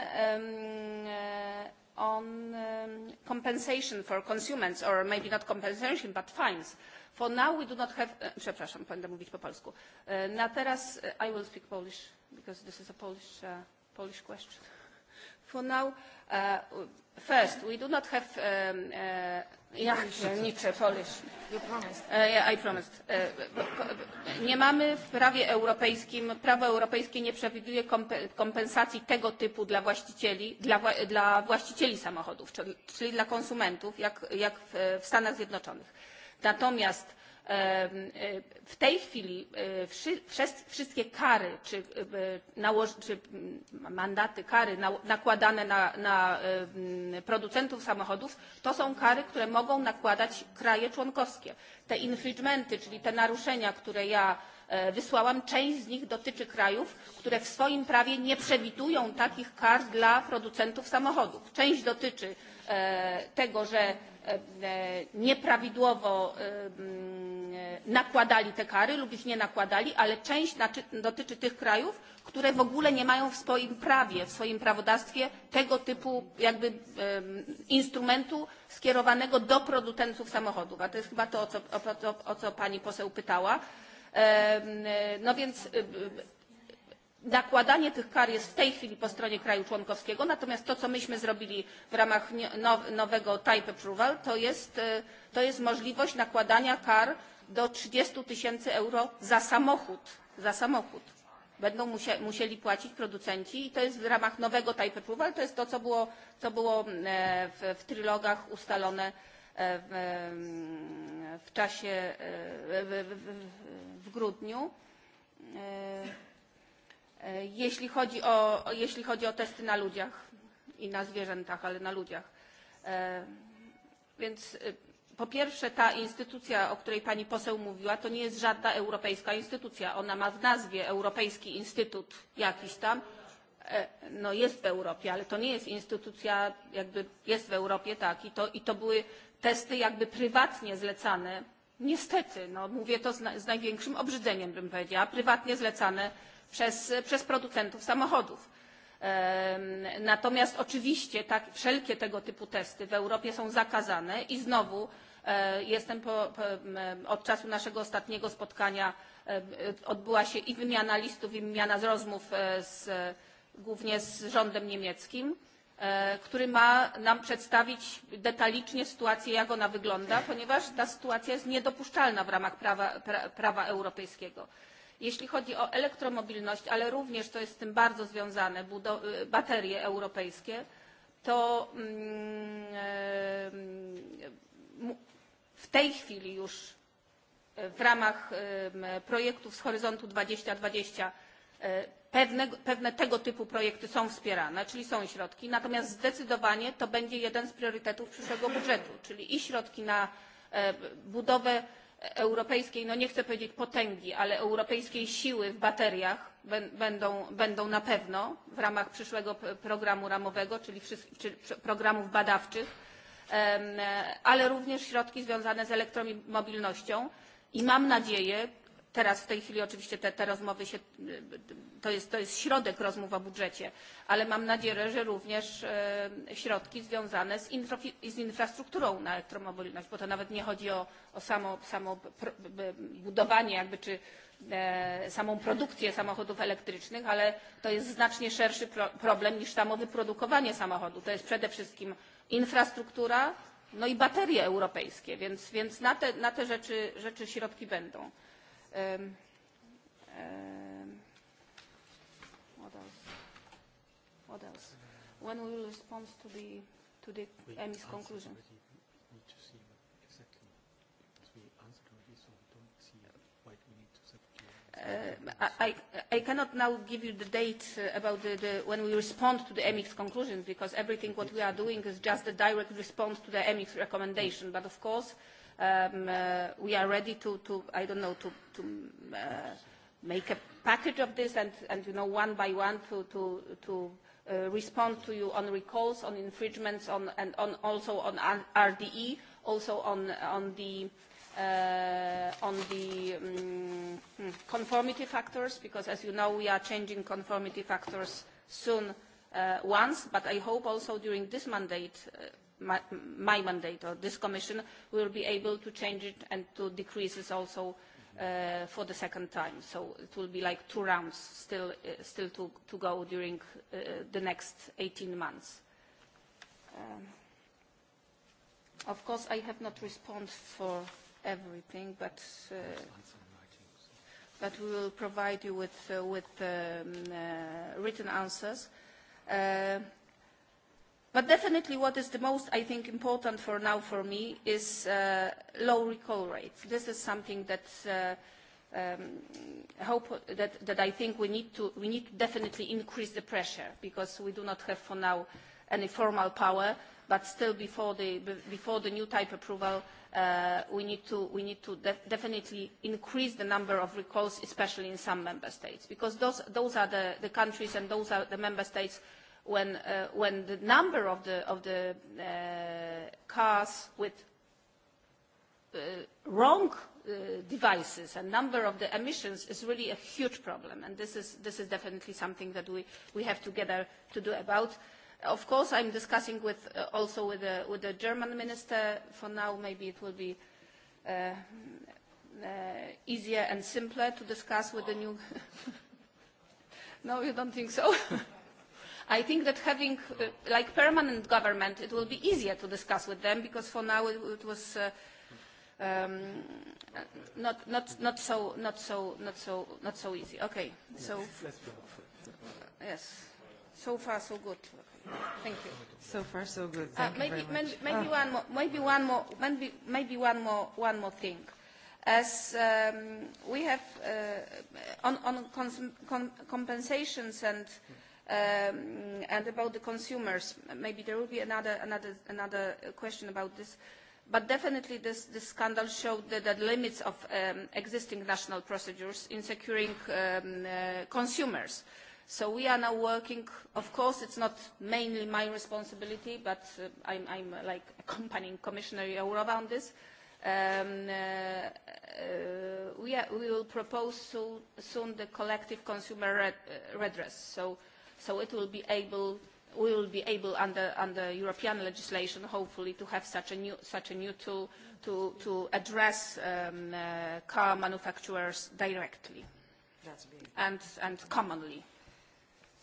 on compensation for consumers, or maybe not compensation, but fines. For now we do not have... Przepraszam, będę mówić po polsku. Na teraz I will speak Polish, because this is a Polish, uh, Polish question. For now, uh, first, we do not have... Um, uh, ja pierniczę, Polish. I promised. Nie mamy w prawie europejskim, prawo europejskie nie przewiduje kompensacji tego typu dla właścicieli, dla, dla właścicieli samochodów, czyli dla konsumentów, jak, jak w Stanach Zjednoczonych. Natomiast w tej chwili wszystkie kary czy, mandaty, kary nakładane na producentów samochodów to są kary, które mogą nakładać kraje członkowskie. Te infringementy, czyli te naruszenia, które ja wysłałam, część z nich dotyczy krajów, które w swoim prawie nie przewidują takich kar dla producentów samochodów. Część dotyczy tego, że nieprawidłowo nakładali te kary lub ich nie nakładali, ale część dotyczy tych krajów, które w ogóle nie mają w swoim prawie, w swoim prawodawstwie tego typu jakby instrumentu skierowanego do producentów samochodów. A to jest chyba to, o co, pani poseł pytała. No więc nakładanie tych kar jest w tej chwili po stronie kraju członkowskiego, natomiast to, co myśmy zrobili w ramach nowego type approval, to jest, możliwość nakładania kar do 30 tysięcy euro za samochód. Za samochód będą musie, musieli płacić producenci i to jest w ramach nowego type approval, ale to jest to, co było, co było w, w trylogach ustalone w, w czasie w, w, w grudniu. Jeśli chodzi, o, jeśli chodzi o testy na ludziach i na zwierzętach, ale na ludziach. Więc po pierwsze ta instytucja, o której pani poseł mówiła, to nie jest żadna europejska instytucja. Ona ma w nazwie Europejski Instytut jakiś tam. No jest w Europie, ale to nie jest instytucja, jakby jest w Europie, tak. I to, i to były testy jakby prywatnie zlecane. Niestety, no mówię to z, z największym obrzydzeniem, bym powiedziała, prywatnie zlecane przez, przez producentów samochodów Natomiast oczywiście tak, wszelkie tego typu testy w Europie są zakazane i znowu jestem po, po, od czasu naszego ostatniego spotkania odbyła się i wymiana listów, i wymiana z rozmów z, głównie z rządem niemieckim, który ma nam przedstawić detalicznie sytuację, jak ona wygląda, ponieważ ta sytuacja jest niedopuszczalna w ramach prawa, pra, prawa europejskiego. Jeśli chodzi o elektromobilność, ale również to jest z tym bardzo związane, baterie europejskie, to w tej chwili już w ramach projektów z Horyzontu 2020 pewne, pewne tego typu projekty są wspierane, czyli są środki, natomiast zdecydowanie to będzie jeden z priorytetów przyszłego budżetu, czyli i środki na budowę europejskiej, no nie chcę powiedzieć potęgi, ale europejskiej siły w bateriach będą, będą na pewno w ramach przyszłego programu ramowego, czyli programów badawczych, ale również środki związane z elektromobilnością i mam nadzieję, Teraz w tej chwili oczywiście te, te rozmowy się, to jest, to jest środek rozmów o budżecie, ale mam nadzieję, że również środki związane z, infrafi, z infrastrukturą na elektromobilność, bo to nawet nie chodzi o, o samo, samo budowanie jakby, czy samą produkcję samochodów elektrycznych, ale to jest znacznie szerszy problem niż samo wyprodukowanie samochodu. To jest przede wszystkim infrastruktura, no i baterie europejskie, więc, więc na, te, na te rzeczy, rzeczy środki będą um, um, what else? What else? When we will respond to the to the we EMI's conclusion. Need to see exactly we answered already, so we don't see why we need to uh, I, I cannot now give you the date uh, about the, the, when we respond to the MX conclusions because everything what we are doing is just a direct response to the MX recommendation. But of course, uh, um, uh, we are ready to, to I don't know, to, to uh, make a package of this and, and you know, one by one to, to, to uh, respond to you on recalls, on infringements, on, and on also on RDE, also on, on the uh, on the um, conformity factors, because as you know, we are changing conformity factors soon uh, once, but I hope also during this mandate, uh, my, my mandate or this commission will be able to change it and to decrease it also uh, for the second time. So it will be like two rounds still, uh, still to, to go during uh, the next 18 months. Um, of course, I have not responded for everything, but uh, but we will provide you with uh, with um, uh, written answers. Uh, But definitely what is the most, I think, important for now for me is uh, low recall rates. This is something that, uh, um, hope that, that I think we need, to, we need to definitely increase the pressure because we do not have for now any formal power, but still before the, before the new type approval, uh, we need to, we need to def definitely increase the number of recalls, especially in some member states, because those, those are the, the countries and those are the member states when, uh, when the number of the, of the uh, cars with uh, wrong uh, devices and number of the emissions is really a huge problem. And this is, this is definitely something that we, we have together to do about. Of course, I'm discussing with, uh, also with the, with the German minister. For now, maybe it will be uh, uh, easier and simpler to discuss with the new... no, you don't think so? I think that having uh, like permanent government, it will be easier to discuss with them because for now it, it was uh, um, not not not so not so not so not so easy. Okay, so yes, so far so good. Thank you. So far so good. Thank uh, maybe, you very much. maybe oh. one more maybe one more maybe maybe one more one more thing as um, we have uh, on, on cons com compensations and and about the consumers, maybe there will be another, another, another question about this. But definitely this, this scandal showed the, the limits of um, existing national procedures in securing um, uh, consumers. So we are now working, of course, it's not mainly my responsibility, but uh, I'm, I'm uh, like accompanying Commissioner Jourova on this. Um, uh, uh, we, are, we will propose so, soon the collective consumer red, uh, redress. So So it will be able, we will be able under, under European legislation, hopefully, to have such a new, such a new tool to, to address um, uh, car manufacturers directly and, and commonly.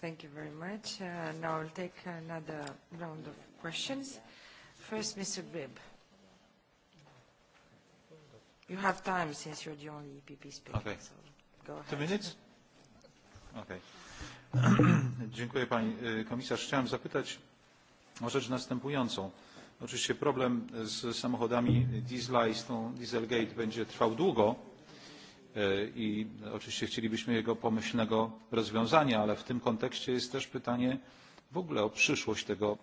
Thank you very much. Uh, now I'll take another round of questions. First, Mr. Grib. You have time since you're the only EPP speaker. Okay. So go ahead. Two minutes? Okay. Dziękuję pani komisarz. Chciałem zapytać o rzecz następującą. Oczywiście problem z samochodami diesla i z tą Dieselgate będzie trwał długo i oczywiście chcielibyśmy jego pomyślnego rozwiązania, ale w tym kontekście jest też pytanie w ogóle o przyszłość tego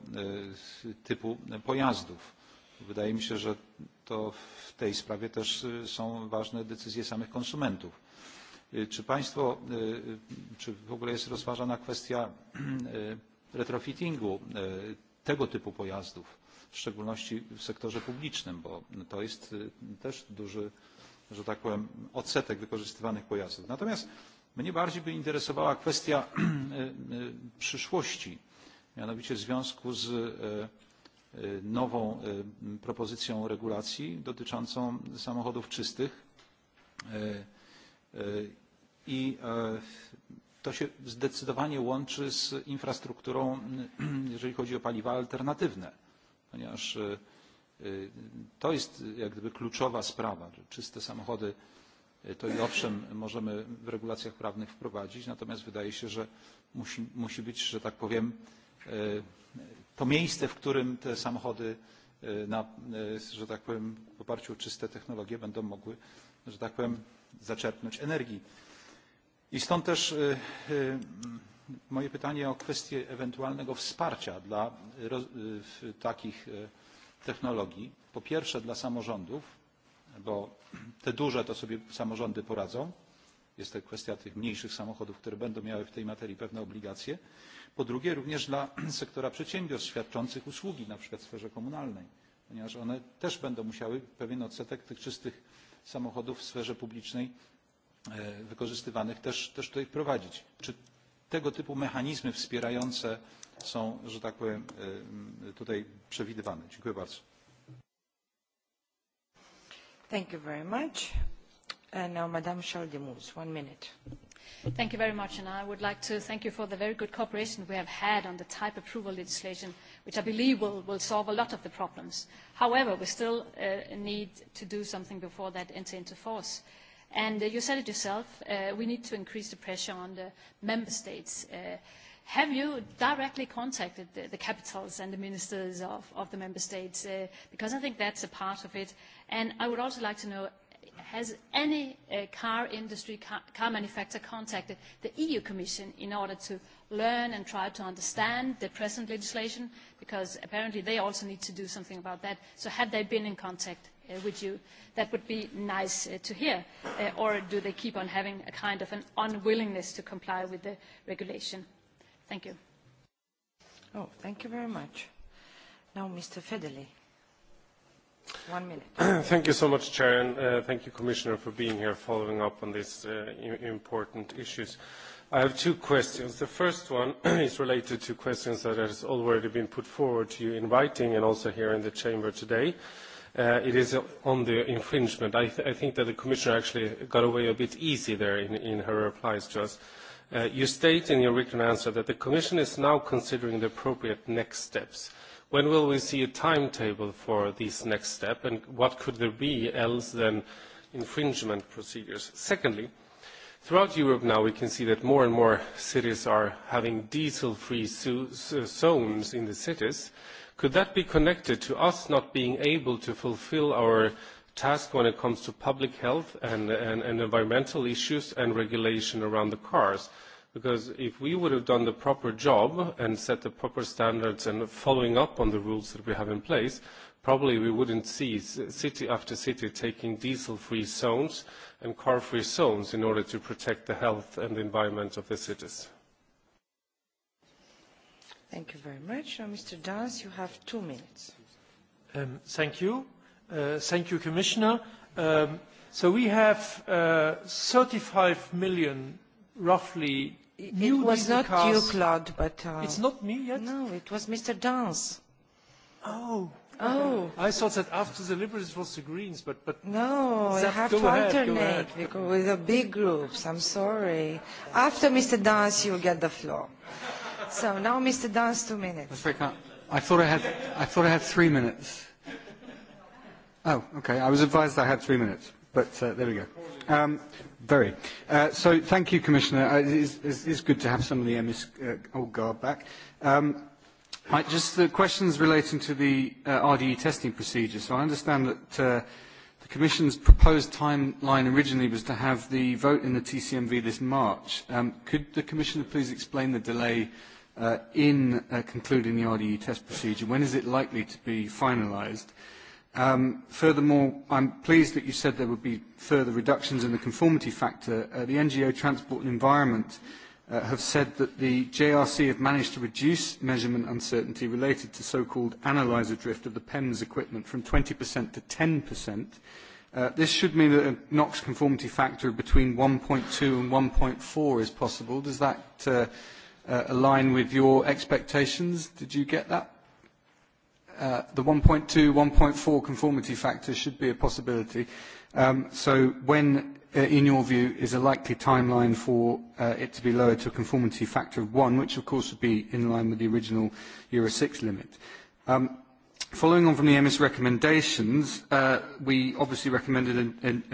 typu pojazdów. Wydaje mi się, że to w tej sprawie też są ważne decyzje samych konsumentów Czy państwo, czy w ogóle jest rozważana kwestia retrofittingu tego typu pojazdów, w szczególności w sektorze publicznym, bo to jest też duży, że tak powiem, odsetek wykorzystywanych pojazdów. Natomiast mnie bardziej by interesowała kwestia przyszłości, mianowicie w związku z nową propozycją regulacji dotyczącą samochodów czystych I to się zdecydowanie łączy z infrastrukturą, jeżeli chodzi o paliwa alternatywne, ponieważ to jest jak gdyby kluczowa sprawa. że Czyste samochody to i owszem możemy w regulacjach prawnych wprowadzić, natomiast wydaje się, że musi, musi być, że tak powiem, to miejsce, w którym te samochody na, że tak powiem, w oparciu o czyste technologie będą mogły, że tak powiem, zaczerpnąć energii. I stąd też moje pytanie o kwestię ewentualnego wsparcia dla takich technologii. Po pierwsze dla samorządów, bo te duże to sobie samorządy poradzą. Jest to kwestia tych mniejszych samochodów, które będą miały w tej materii pewne obligacje. Po drugie również dla sektora przedsiębiorstw świadczących usługi, na przykład w sferze komunalnej, ponieważ one też będą musiały pewien odsetek tych czystych samochodów w sferze publicznej wykorzystywanych też, też tutaj wprowadzić. Czy tego typu mechanizmy wspierające są, że tak powiem, tutaj przewidywane? Dziękuję bardzo. Thank you very much. And now Madame one minute. Thank you very much, and I would like to thank you for the very good cooperation we have had on the type approval legislation which I believe will, will solve a lot of the problems. However, we still uh, need to do something before that enters into force. And uh, you said it yourself, uh, we need to increase the pressure on the member states. Uh, have you directly contacted the, the capitals and the ministers of, of the member states? Uh, because I think that's a part of it. And I would also like to know, Has any uh, car industry, car, car manufacturer contacted the EU Commission in order to learn and try to understand the present legislation? Because apparently they also need to do something about that. So had they been in contact uh, with you? That would be nice uh, to hear. Uh, or do they keep on having a kind of an unwillingness to comply with the regulation? Thank you. Oh, thank you very much. Now, Mr. Federley. Thank you so much, Chair, and uh, thank you, Commissioner, for being here following up on these uh, important issues. I have two questions. The first one is related to questions that has already been put forward to you in writing and also here in the chamber today. Uh, it is on the infringement. I, th I think that the Commissioner actually got away a bit easy there in, in her replies to us. Uh, you state in your written answer that the Commission is now considering the appropriate next steps. When will we see a timetable for this next step, and what could there be else than infringement procedures? Secondly, throughout Europe now, we can see that more and more cities are having diesel-free zones in the cities. Could that be connected to us not being able to fulfill our task when it comes to public health and environmental issues and regulation around the cars? Because if we would have done the proper job and set the proper standards and following up on the rules that we have in place, probably we wouldn't see city after city taking diesel-free zones and car-free zones in order to protect the health and the environment of the cities. Thank you very much. Now, Mr. Dance, you have two minutes. Um, thank you. Uh, thank you, Commissioner. Um, so we have uh, 35 million, roughly, it was not you, Claude, but... Uh, it's not me yet? No, it was Mr. Dance. Oh. Oh. I thought that after the Liberals was the Greens, but... but no, I have to alternate because with the big groups. I'm sorry. After Mr. Dance, you get the floor. So now Mr. Dance, two minutes. I thought I had, I thought I had three minutes. Oh, okay. I was advised I had three minutes but uh, there we go. Um, very. Uh, so thank you, Commissioner. Uh, it is, it is good to have some of the MS uh, old guard back. Um, right, just the questions relating to the uh, RDE testing procedure. So I understand that uh, the Commission's proposed timeline originally was to have the vote in the TCMV this March. Um, could the Commissioner please explain the delay uh, in uh, concluding the RDE test procedure? When is it likely to be finalised? Um, furthermore, I'm pleased that you said there would be further reductions in the conformity factor. Uh, the NGO Transport and Environment uh, have said that the JRC have managed to reduce measurement uncertainty related to so-called analyzer drift of the PEMS equipment from 20% to 10%. Uh, this should mean that a NOx conformity factor between 1.2 and 1.4 is possible. Does that uh, uh, align with your expectations? Did you get that? two, the 1.2, 1.4 conformity factor should be a possibility. Um, so when, uh, in your view, is a likely timeline for uh, it to be lowered to a conformity factor of 1, which of course would be in line with the original Euro 6 limit? Um, Following on from the MS recommendations, uh, we obviously recommended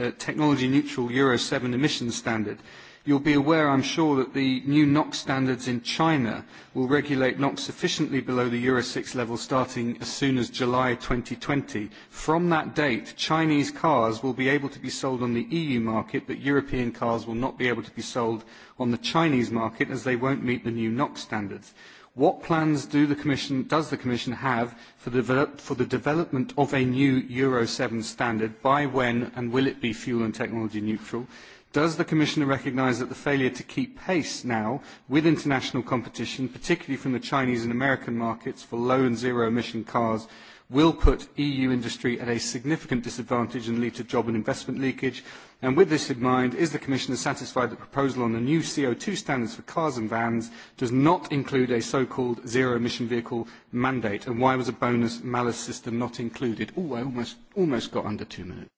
a, a, a technology-neutral Euro 7 emissions standard. Uh, You'll be aware, I'm sure, that the new NOx standards in China will regulate NOx sufficiently below the Euro 6 level starting as soon as July 2020. From that date, Chinese cars will be able to be sold on the EU market, but European cars will not be able to be sold on the Chinese market as they won't meet the new NOx standards. What plans do the commission, does the Commission have for the, for the development of a new Euro 7 standard? By when and will it be fuel and technology neutral? Does the Commissioner recognise that the failure to keep pace now with international competition, particularly from the Chinese and American markets for low and zero emission cars, will put EU industry at a significant disadvantage and lead to job and investment leakage? And with this in mind, is the Commissioner satisfied that the proposal on the new CO2 standards for cars and vans does not include a so-called zero-emission vehicle mandate? And why was a bonus malice system not included? Oh, I almost, almost got under two minutes.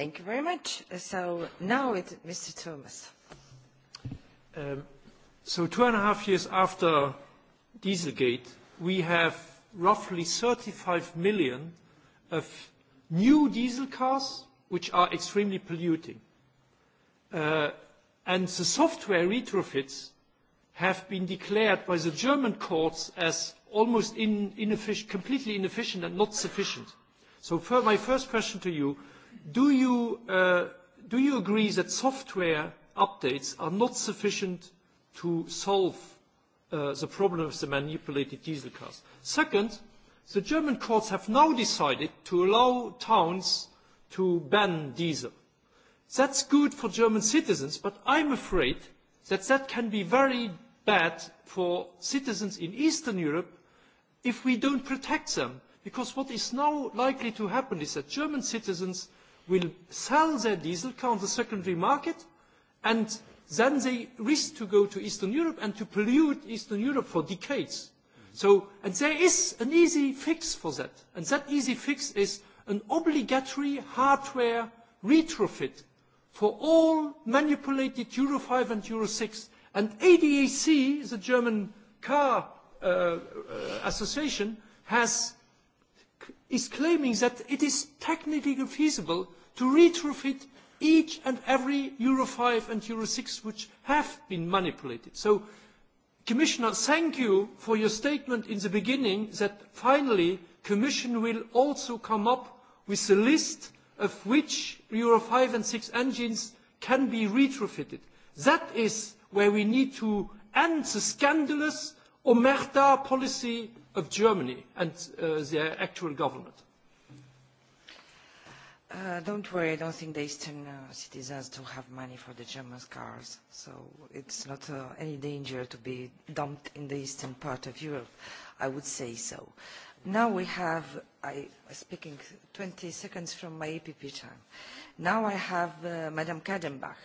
Thank you very much. So now it's Mr. Thomas. Um, so two and a half years after Dieselgate, we have roughly 35 million of new diesel cars which are extremely polluting. Uh, and the software retrofits have been declared by the German courts as almost in, inefficient, completely inefficient and not sufficient. So for my first question to you, do you, uh, do you agree that software updates are not sufficient to solve uh, the problem of the manipulated diesel cars? Second, the German courts have now decided to allow towns to ban diesel. That's good for German citizens, but I'm afraid that that can be very bad for citizens in Eastern Europe if we don't protect them. Because what is now likely to happen is that German citizens will sell their diesel car on the secondary market, and then they risk to go to Eastern Europe and to pollute Eastern Europe for decades. So, and there is an easy fix for that, and that easy fix is an obligatory hardware retrofit for all manipulated Euro 5 and Euro 6. And ADAC, the German car uh, association, has is claiming that it is technically feasible to retrofit each and every Euro 5 and Euro 6 which have been manipulated. So, Commissioner, thank you for your statement in the beginning that finally the Commission will also come up with a list of which Euro 5 and 6 engines can be retrofitted. That is where we need to end the scandalous Omerta policy of Germany and uh, their actual government? Uh, don't worry, I don't think the Eastern uh, citizens do have money for the German cars, so it's not uh, any danger to be dumped in the eastern part of Europe. I would say so. Now we have, I speaking 20 seconds from my EPP time. Now I have uh, Madame Kadenbach.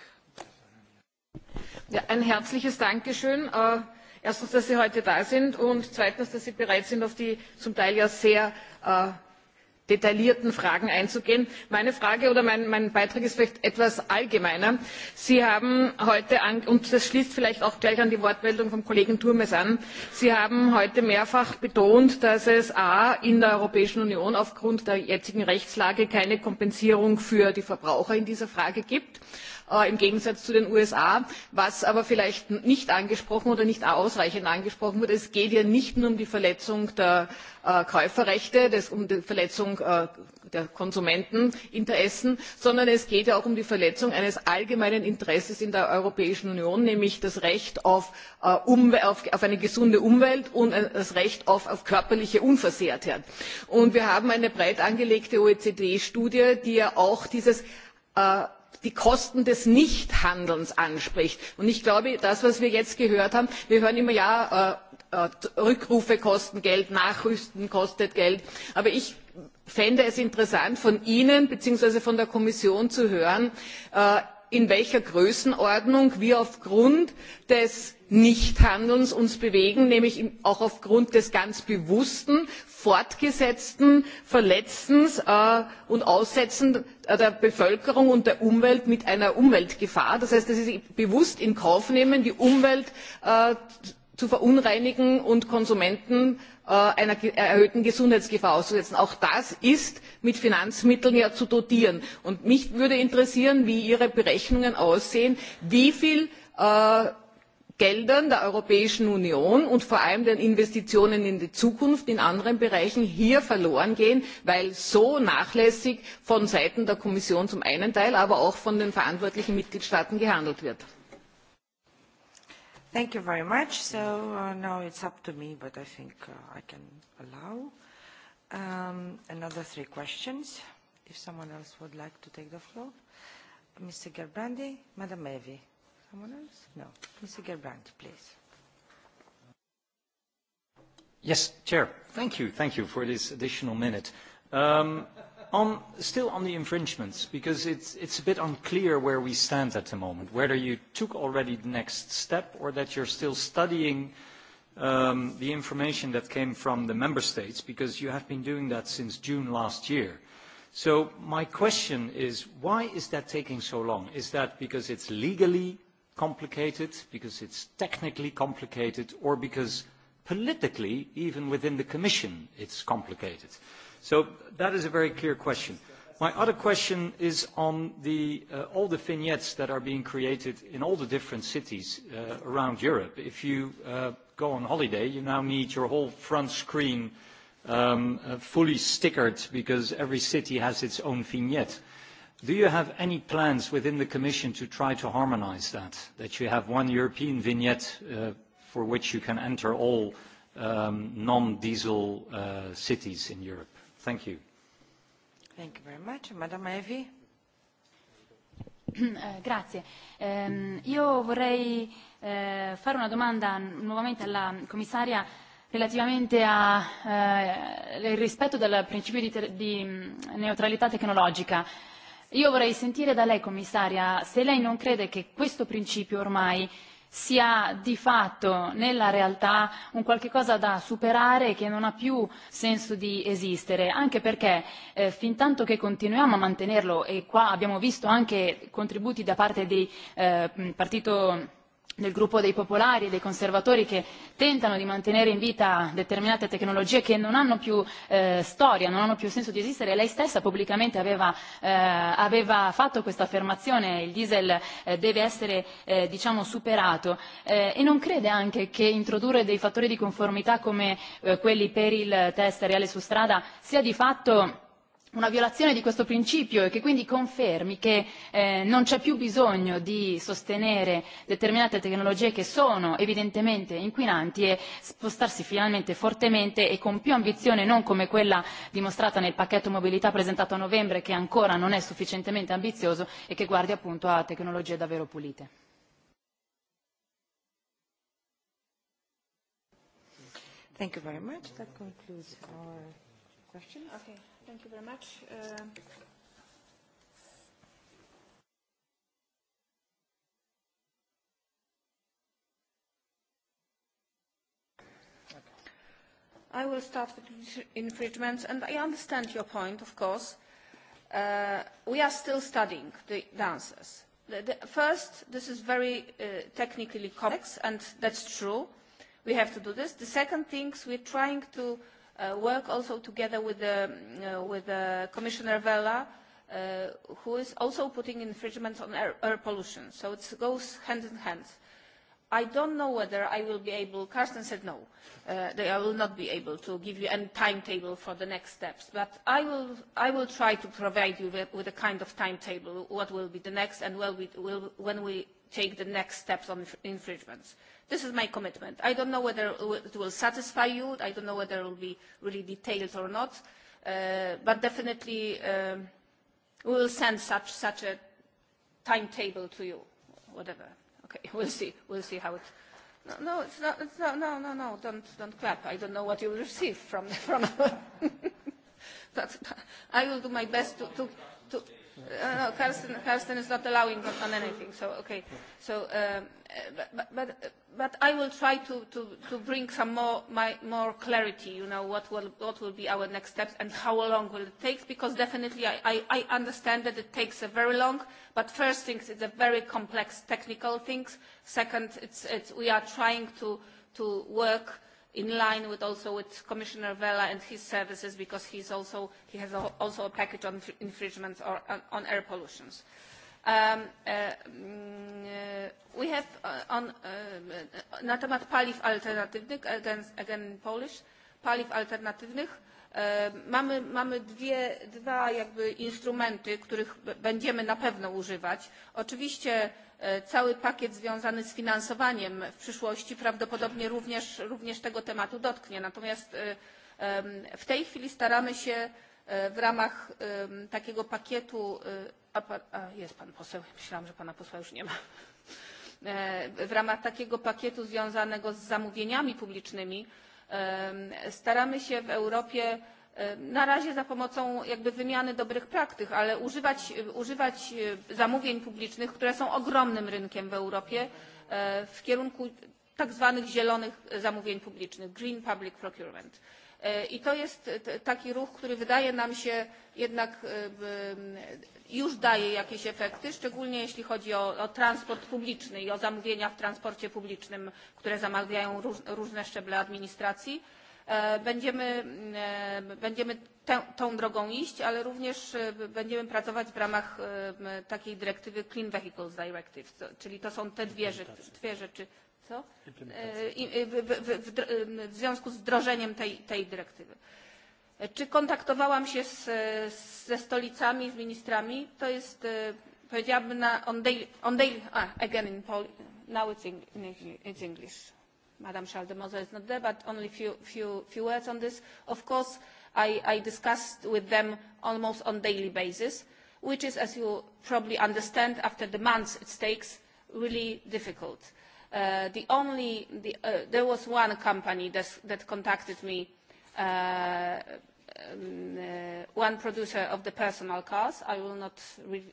Ja, ein herzliches Dankeschön. Uh, erstens dass sie heute da sind und zweitens dass sie bereit sind auf die zum teil ja sehr detaillierten fragen einzugehen. meine frage oder mein beitrag ist vielleicht etwas allgemeiner. sie haben heute und das schließt vielleicht auch gleich an die wortmeldung des kollegen turmes an sie haben heute mehrfach betont dass es a in der europäischen union aufgrund der jetzigen rechtslage keine kompensierung für die verbraucher in dieser frage gibt im Gegensatz zu den USA. Was aber vielleicht nicht angesprochen oder nicht ausreichend angesprochen wurde, es geht hier nicht nur um die Verletzung der Käuferrechte, um die Verletzung der Konsumenteninteressen, sondern es geht ja auch um die Verletzung eines allgemeinen Interesses in der Europäischen Union, nämlich das Recht auf, eine gesunde Umwelt und das Recht auf, körperliche Unversehrtheit. wir haben eine breit angelegte OECD-Studie, die ja auch dieses die kosten des nichthandelns anspricht. ich glaube das was wir jetzt gehört haben wir hören immer ja rückrufe kosten geld nachrüsten kostet geld aber ich fände es interessant von ihnen beziehungsweise von der kommission zu hören in welcher größenordnung wir uns aufgrund des nichthandelns bewegen nämlich auch aufgrund des ganz bewussten fortgesetzten verletzens und aussetzens der bevölkerung und der umwelt mit einer umweltgefahr. das heißt es ist bewusst in kauf nehmen die umwelt zu verunreinigen und Konsumenten einer erhöhten Gesundheitsgefahr auszusetzen. Auch das ist mit Finanzmitteln ja zu dotieren. mich würde interessieren, wie Ihre Berechnungen aussehen, wie viel Geldern der Europäischen Union und vor allem den Investitionen in die Zukunft in anderen Bereichen hier verloren gehen, weil so nachlässig von Seiten der Kommission zum einen Teil, aber auch von den verantwortlichen Mitgliedstaaten gehandelt wird. Thank you very much. So uh, now it's up to me, but I think uh, I can allow um, another three questions. If someone else would like to take the floor, Mr. Gerbrandi, Madam Evi, someone else? No, Mr. Gerbrandi, please. Yes, Chair. Thank you. Thank you for this additional minute. Um, still on the infringements, because it's, it's a bit unclear where we stand at the moment, whether you took already the next step or that you're still studying um, the information that came from the member states, because you have been doing that since June last year. So my question is, why is that taking so long? Is that because it's legally complicated, because it's technically complicated, or because politically, even within the Commission, it's complicated? So that is a very clear question. My other question is on the, uh, all the vignettes that are being created in all the different cities uh, around Europe. If you uh, go on holiday, you now need your whole front screen um, uh, fully stickered because every city has its own vignette. Do you have any plans within the Commission to try to harmonize that, that you have one European vignette uh, for which you can enter all um, non-diesel uh, cities in Europe? Thank you. Thank you very much. Madame Evi. Grazie. Eh, io vorrei eh, fare una domanda nuovamente alla commissaria relativamente al eh, rispetto del principio di, di neutralità tecnologica. Io vorrei sentire da lei, commissaria, se lei non crede che questo principio ormai eh, sia di fatto nella realtà un qualche cosa da superare che non ha più senso di esistere, anche perché eh, fin tanto che continuiamo a mantenerlo e qua abbiamo visto anche contributi da parte del eh, partito del gruppo dei popolari e dei conservatori che tentano di mantenere in vita determinate tecnologie che non hanno più eh, storia, non hanno più senso di esistere. Lei stessa pubblicamente aveva, eh, aveva fatto questa affermazione, il diesel eh, deve essere eh, diciamo, superato eh, e non crede anche che introdurre dei fattori di conformità come eh, quelli per il test reale su strada sia di fatto una violazione di questo principio e che quindi confermi che eh, non c'è più bisogno di sostenere determinate tecnologie che sono evidentemente inquinanti e spostarsi finalmente fortemente e con più ambizione, non come quella dimostrata nel pacchetto mobilità presentato a novembre che ancora non è sufficientemente ambizioso e che guardi appunto a tecnologie davvero pulite. Thank you very much. That concludes our questions. Okay. Thank you very much. Uh, I will start with infringements, and I understand your point, of course. Uh, we are still studying the answers. The, the, first, this is very uh, technically complex, and that's true. We have to do this. The second thing, we're trying to uh, uh, work also together with, the, uh, with uh, Commissioner Vella, uh, who is also putting infringements on air, air pollution. So it goes hand in hand. I don't know whether I will be able, Carsten said no, uh, that I will not be able to give you any timetable for the next steps, but I will, I will try to provide you with, with a kind of timetable, what will be the next and when we, will, when we take the next steps on infringements. Uh, This is my commitment. I don't know whether it will satisfy you. I don't know whether it will be really detailed or not. Uh, but definitely um, we will send such, such a timetable to you, whatever. Okay, we'll see. We'll see how it... No, no, it's not, it's not, no, no, no, don't, don't clap. I don't know what you will receive from... from but I will do my best to... to, to Uh, no, Carsten, Carsten is not allowing on, on anything. So okay. So, um, but, but but I will try to, to, to bring some more my, more clarity. You know what will what will be our next steps and how long will it take? Because definitely I, I, I understand that it takes a very long. But first things, it's a very complex technical things. Second, it's it's we are trying to to work in line with also with Commissioner Vella and his services because he's also, he has a, also a package on infringements or on, on air pollution. Um, uh, we have uh, on, uh, na temat paliw alternatywnych, again, again in Polish, paliw alternatywnych, Mamy, mamy dwie, dwa jakby instrumenty, których będziemy na pewno używać. Oczywiście cały pakiet związany z finansowaniem w przyszłości prawdopodobnie również, również tego tematu dotknie. Natomiast w tej chwili staramy się w ramach takiego pakietu a, a jest pan poseł, myślałam, że pana posła już nie ma w ramach takiego pakietu związanego z zamówieniami publicznymi Staramy się w Europie na razie za pomocą jakby wymiany dobrych praktyk, ale używać, używać zamówień publicznych, które są ogromnym rynkiem w Europie w kierunku tak zwanych zielonych zamówień publicznych, green public procurement. I to jest taki ruch, który wydaje nam się jednak już daje jakieś efekty, szczególnie jeśli chodzi o, o transport publiczny i o zamówienia w transporcie publicznym, które zamawiają róż, różne szczeble administracji. Będziemy, będziemy te, tą drogą iść, ale również będziemy pracować w ramach takiej dyrektywy Clean Vehicles Directive, czyli to są te dwie rzeczy, dwie rzeczy co? W, w, w, w, w związku z wdrożeniem tej, tej dyrektywy. Czy kontaktowałam się z, ze stolicami, z ministrami? To jest, powiedziałabym, na on daily, on daily ah, again in Pol now it's, in, it's English. Madam Schaldemose is not there, but only few, few, few words on this. Of course, I, I discussed with them almost on daily basis, which is, as you probably understand, after the months it takes, really difficult. Uh, the only, the, uh, there was one company that, that contacted me uh, uh, one producer of the personal cars. I will not re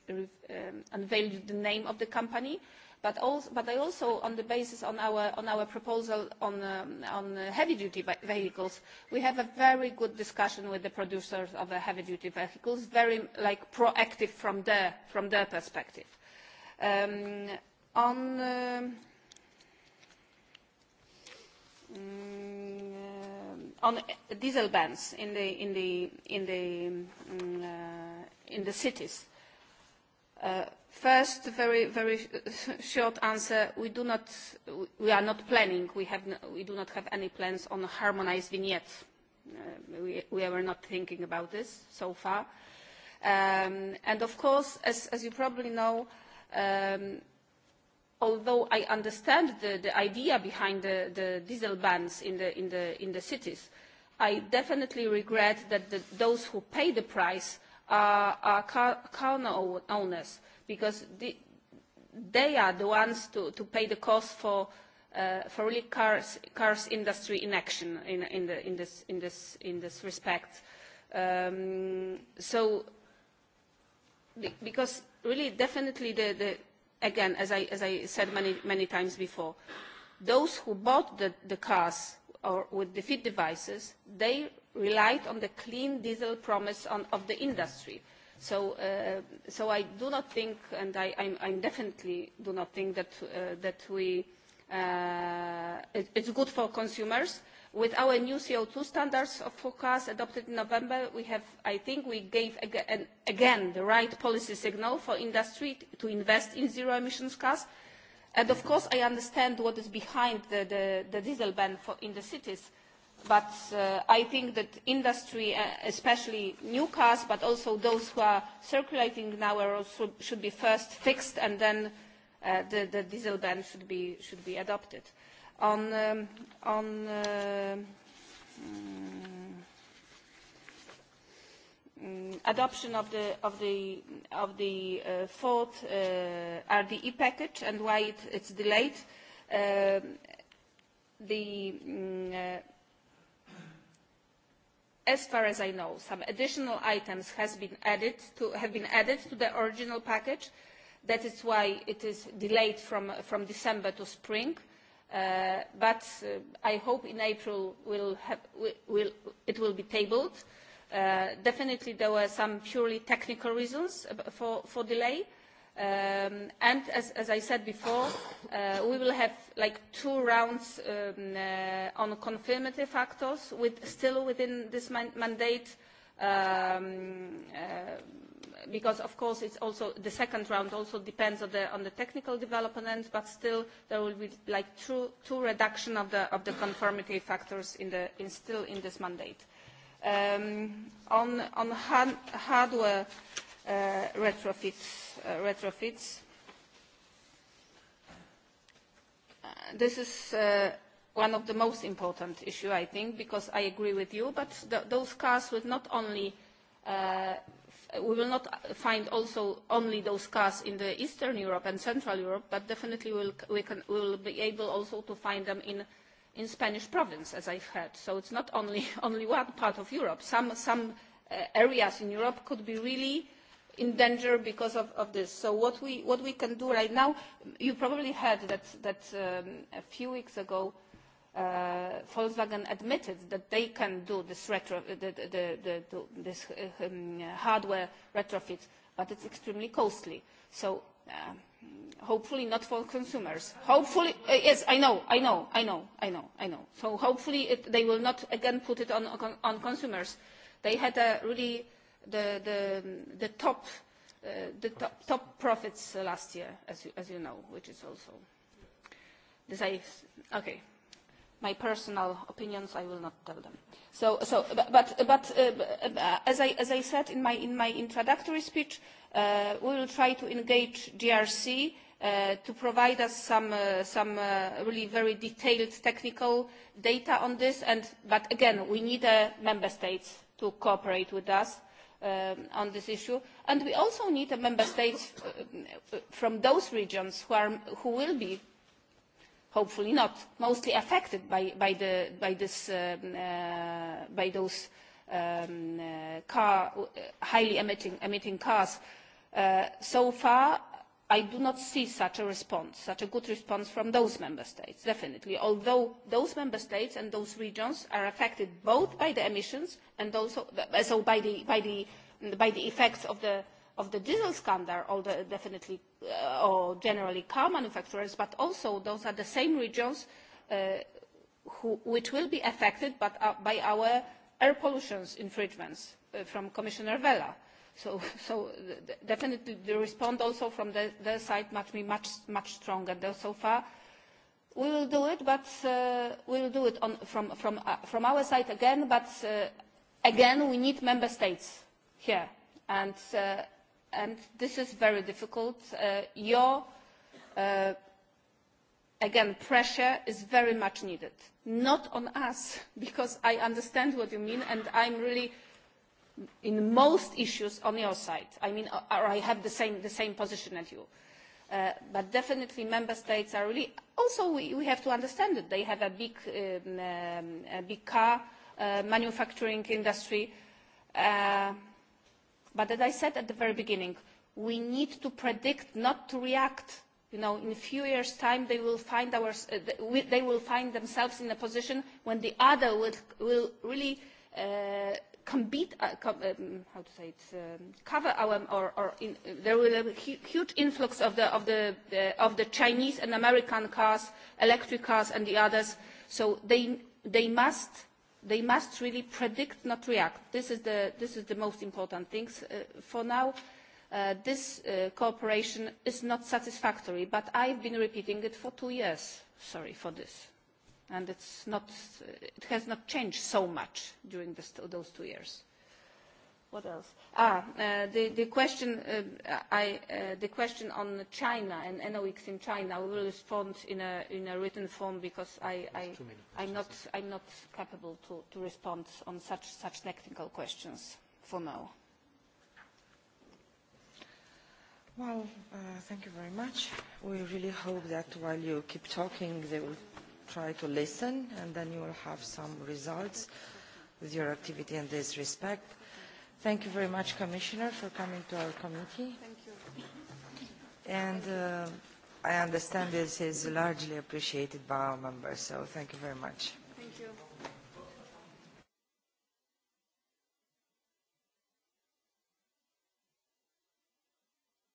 unveil the name of the company, but, also, but I also, on the basis on our, on our proposal on, um, on heavy-duty vehicles, we have a very good discussion with the producers of the heavy-duty vehicles, very like proactive from their, from their perspective. Um, on... Um, on diesel bans in the in the in the um, uh, in the cities. Uh, first, very very short answer: we do not, we are not planning. We have, no, we do not have any plans on a harmonised vignette. Uh, we we are not thinking about this so far. Um, and of course, as as you probably know. Um, although I understand the, the idea behind the, the diesel bans in the, in, the, in the cities, I definitely regret that the, those who pay the price are, are car, car owners because the, they are the ones to, to pay the cost for, uh, for really cars, cars industry inaction in, in, the, in, this, in, this, in this respect. Um, so, because really definitely the, the again, as I, as I said many, many times before, those who bought the, the cars or with the fit devices, they relied on the clean diesel promise on, of the industry. So, I do not think, and I, definitely do not think that, uh, that we, uh, it, it's good for consumers With our new CO2 standards of forecast adopted in November, we have, I think we gave again, the right policy signal for industry to invest in zero emissions cars. And of course, I understand what is behind the, diesel ban for, in the cities but I think that industry, especially new cars, but also those who are circulating now also should be first fixed and then the, diesel ban should be, adopted on adoption of the of the of the uh, fourth uh, RDE package and why it, it's delayed. Uh, the uh, as far as I know, some additional items has been added to have been added to the original package. That is why it is delayed from from December to spring. Uh, but I hope in April we'll have, we'll, it will be tabled. definitely there were some purely technical reasons for, for delay. and as, I said before, we will have like two rounds on confirmatory factors with still within this mandate because of course it's also the second round also depends on the on the technical development but still there will be like true two reduction of the of the conformity factors in the in still in this mandate um, on on hard, hardware uh, retrofits uh, retrofits this is uh, one of the most important issue I think because I agree with you but th those cars will not only uh, we will not find also only those cars in the Eastern Europe and Central Europe, but definitely we'll, we, can, we will be able also to find them in, in Spanish province, as I've heard. So it's not only, only one part of Europe. Some, some uh, areas in Europe could be really in danger because of, of this. So what we, what we can do right now, you probably heard that, that um, a few weeks ago, uh, uh, Volkswagen admitted that they can do this, retro, the, the, the, the, this um, hardware retrofit, but it's extremely costly. So uh, hopefully not for consumers. Hopefully, uh, yes, I know, I know, I know, I know, I know. So hopefully it, they will not again put it on, on consumers. They had a really the, the, the top uh, the top, top profits last year, as you, as you know, which is also this I, okay my personal opinions, I will not tell them. So, so but, but uh, as, I, as I said in my, in my introductory speech, uh, we will try to engage GRC uh, to provide us some, uh, some uh, really very detailed technical data on this. And, but again, we need uh, member states to cooperate with us um, on this issue. And we also need a member states from those regions who, are, who will be hopefully not, mostly affected by, by, the, by, this, by those highly emitting, cars. so far, I do not see such a response, such a good response from those member states, definitely, although those member states and those regions are affected both by the emissions and also by, the, by, the, by the effects of the of the diesel scandal, all the definitely uh, or generally car manufacturers, but also those are the same regions uh, who, which will be affected but, uh, by our air pollution infringements uh, from Commissioner Vella. So, so definitely the response also from the, their side must be much, much stronger. So far, we will do it, but uh, we will do it on, from, from, uh, from our side again, but uh, again, we need member states here. And and this is very difficult. Uh, your, uh, again, pressure is very much needed. Not on us, because I understand what you mean, and I'm really, in most issues, on your side. I mean, or I have the same, the same position as you. Uh, but definitely member states are really, also we, we have to understand that They have a big, um, um, a big car uh, manufacturing industry. Uh, But as I said at the very beginning, we need to predict, not to react. You know, in a few years' time, they will find, our, uh, they will find themselves in a position when the other will, will really uh, compete, uh, com, um, how to say it, um, cover our, or, or in, there will be a huge influx of the, of, the, uh, of the Chinese and American cars, electric cars and the others. So they, they must they must really predict, not react. This is the, this is the most important thing. for now, this cooperation is not satisfactory, but I've been repeating it for two years. Sorry for this. And it's not, it has not changed so much during this, those two years what else? Ah, uh, the, the, question, uh, I, uh, the question on China and NOx in China, I will respond in a, in a written form because I, I, I'm, not, I'm not capable to, to respond on such, such technical questions for now. Well, uh, thank you very much. We really hope that while you keep talking, they will try to listen, and then you will have some results with your activity in this respect. Thank you very much, Commissioner, for coming to our committee. Thank you. And uh, I understand this is largely appreciated by our members, so thank you very much.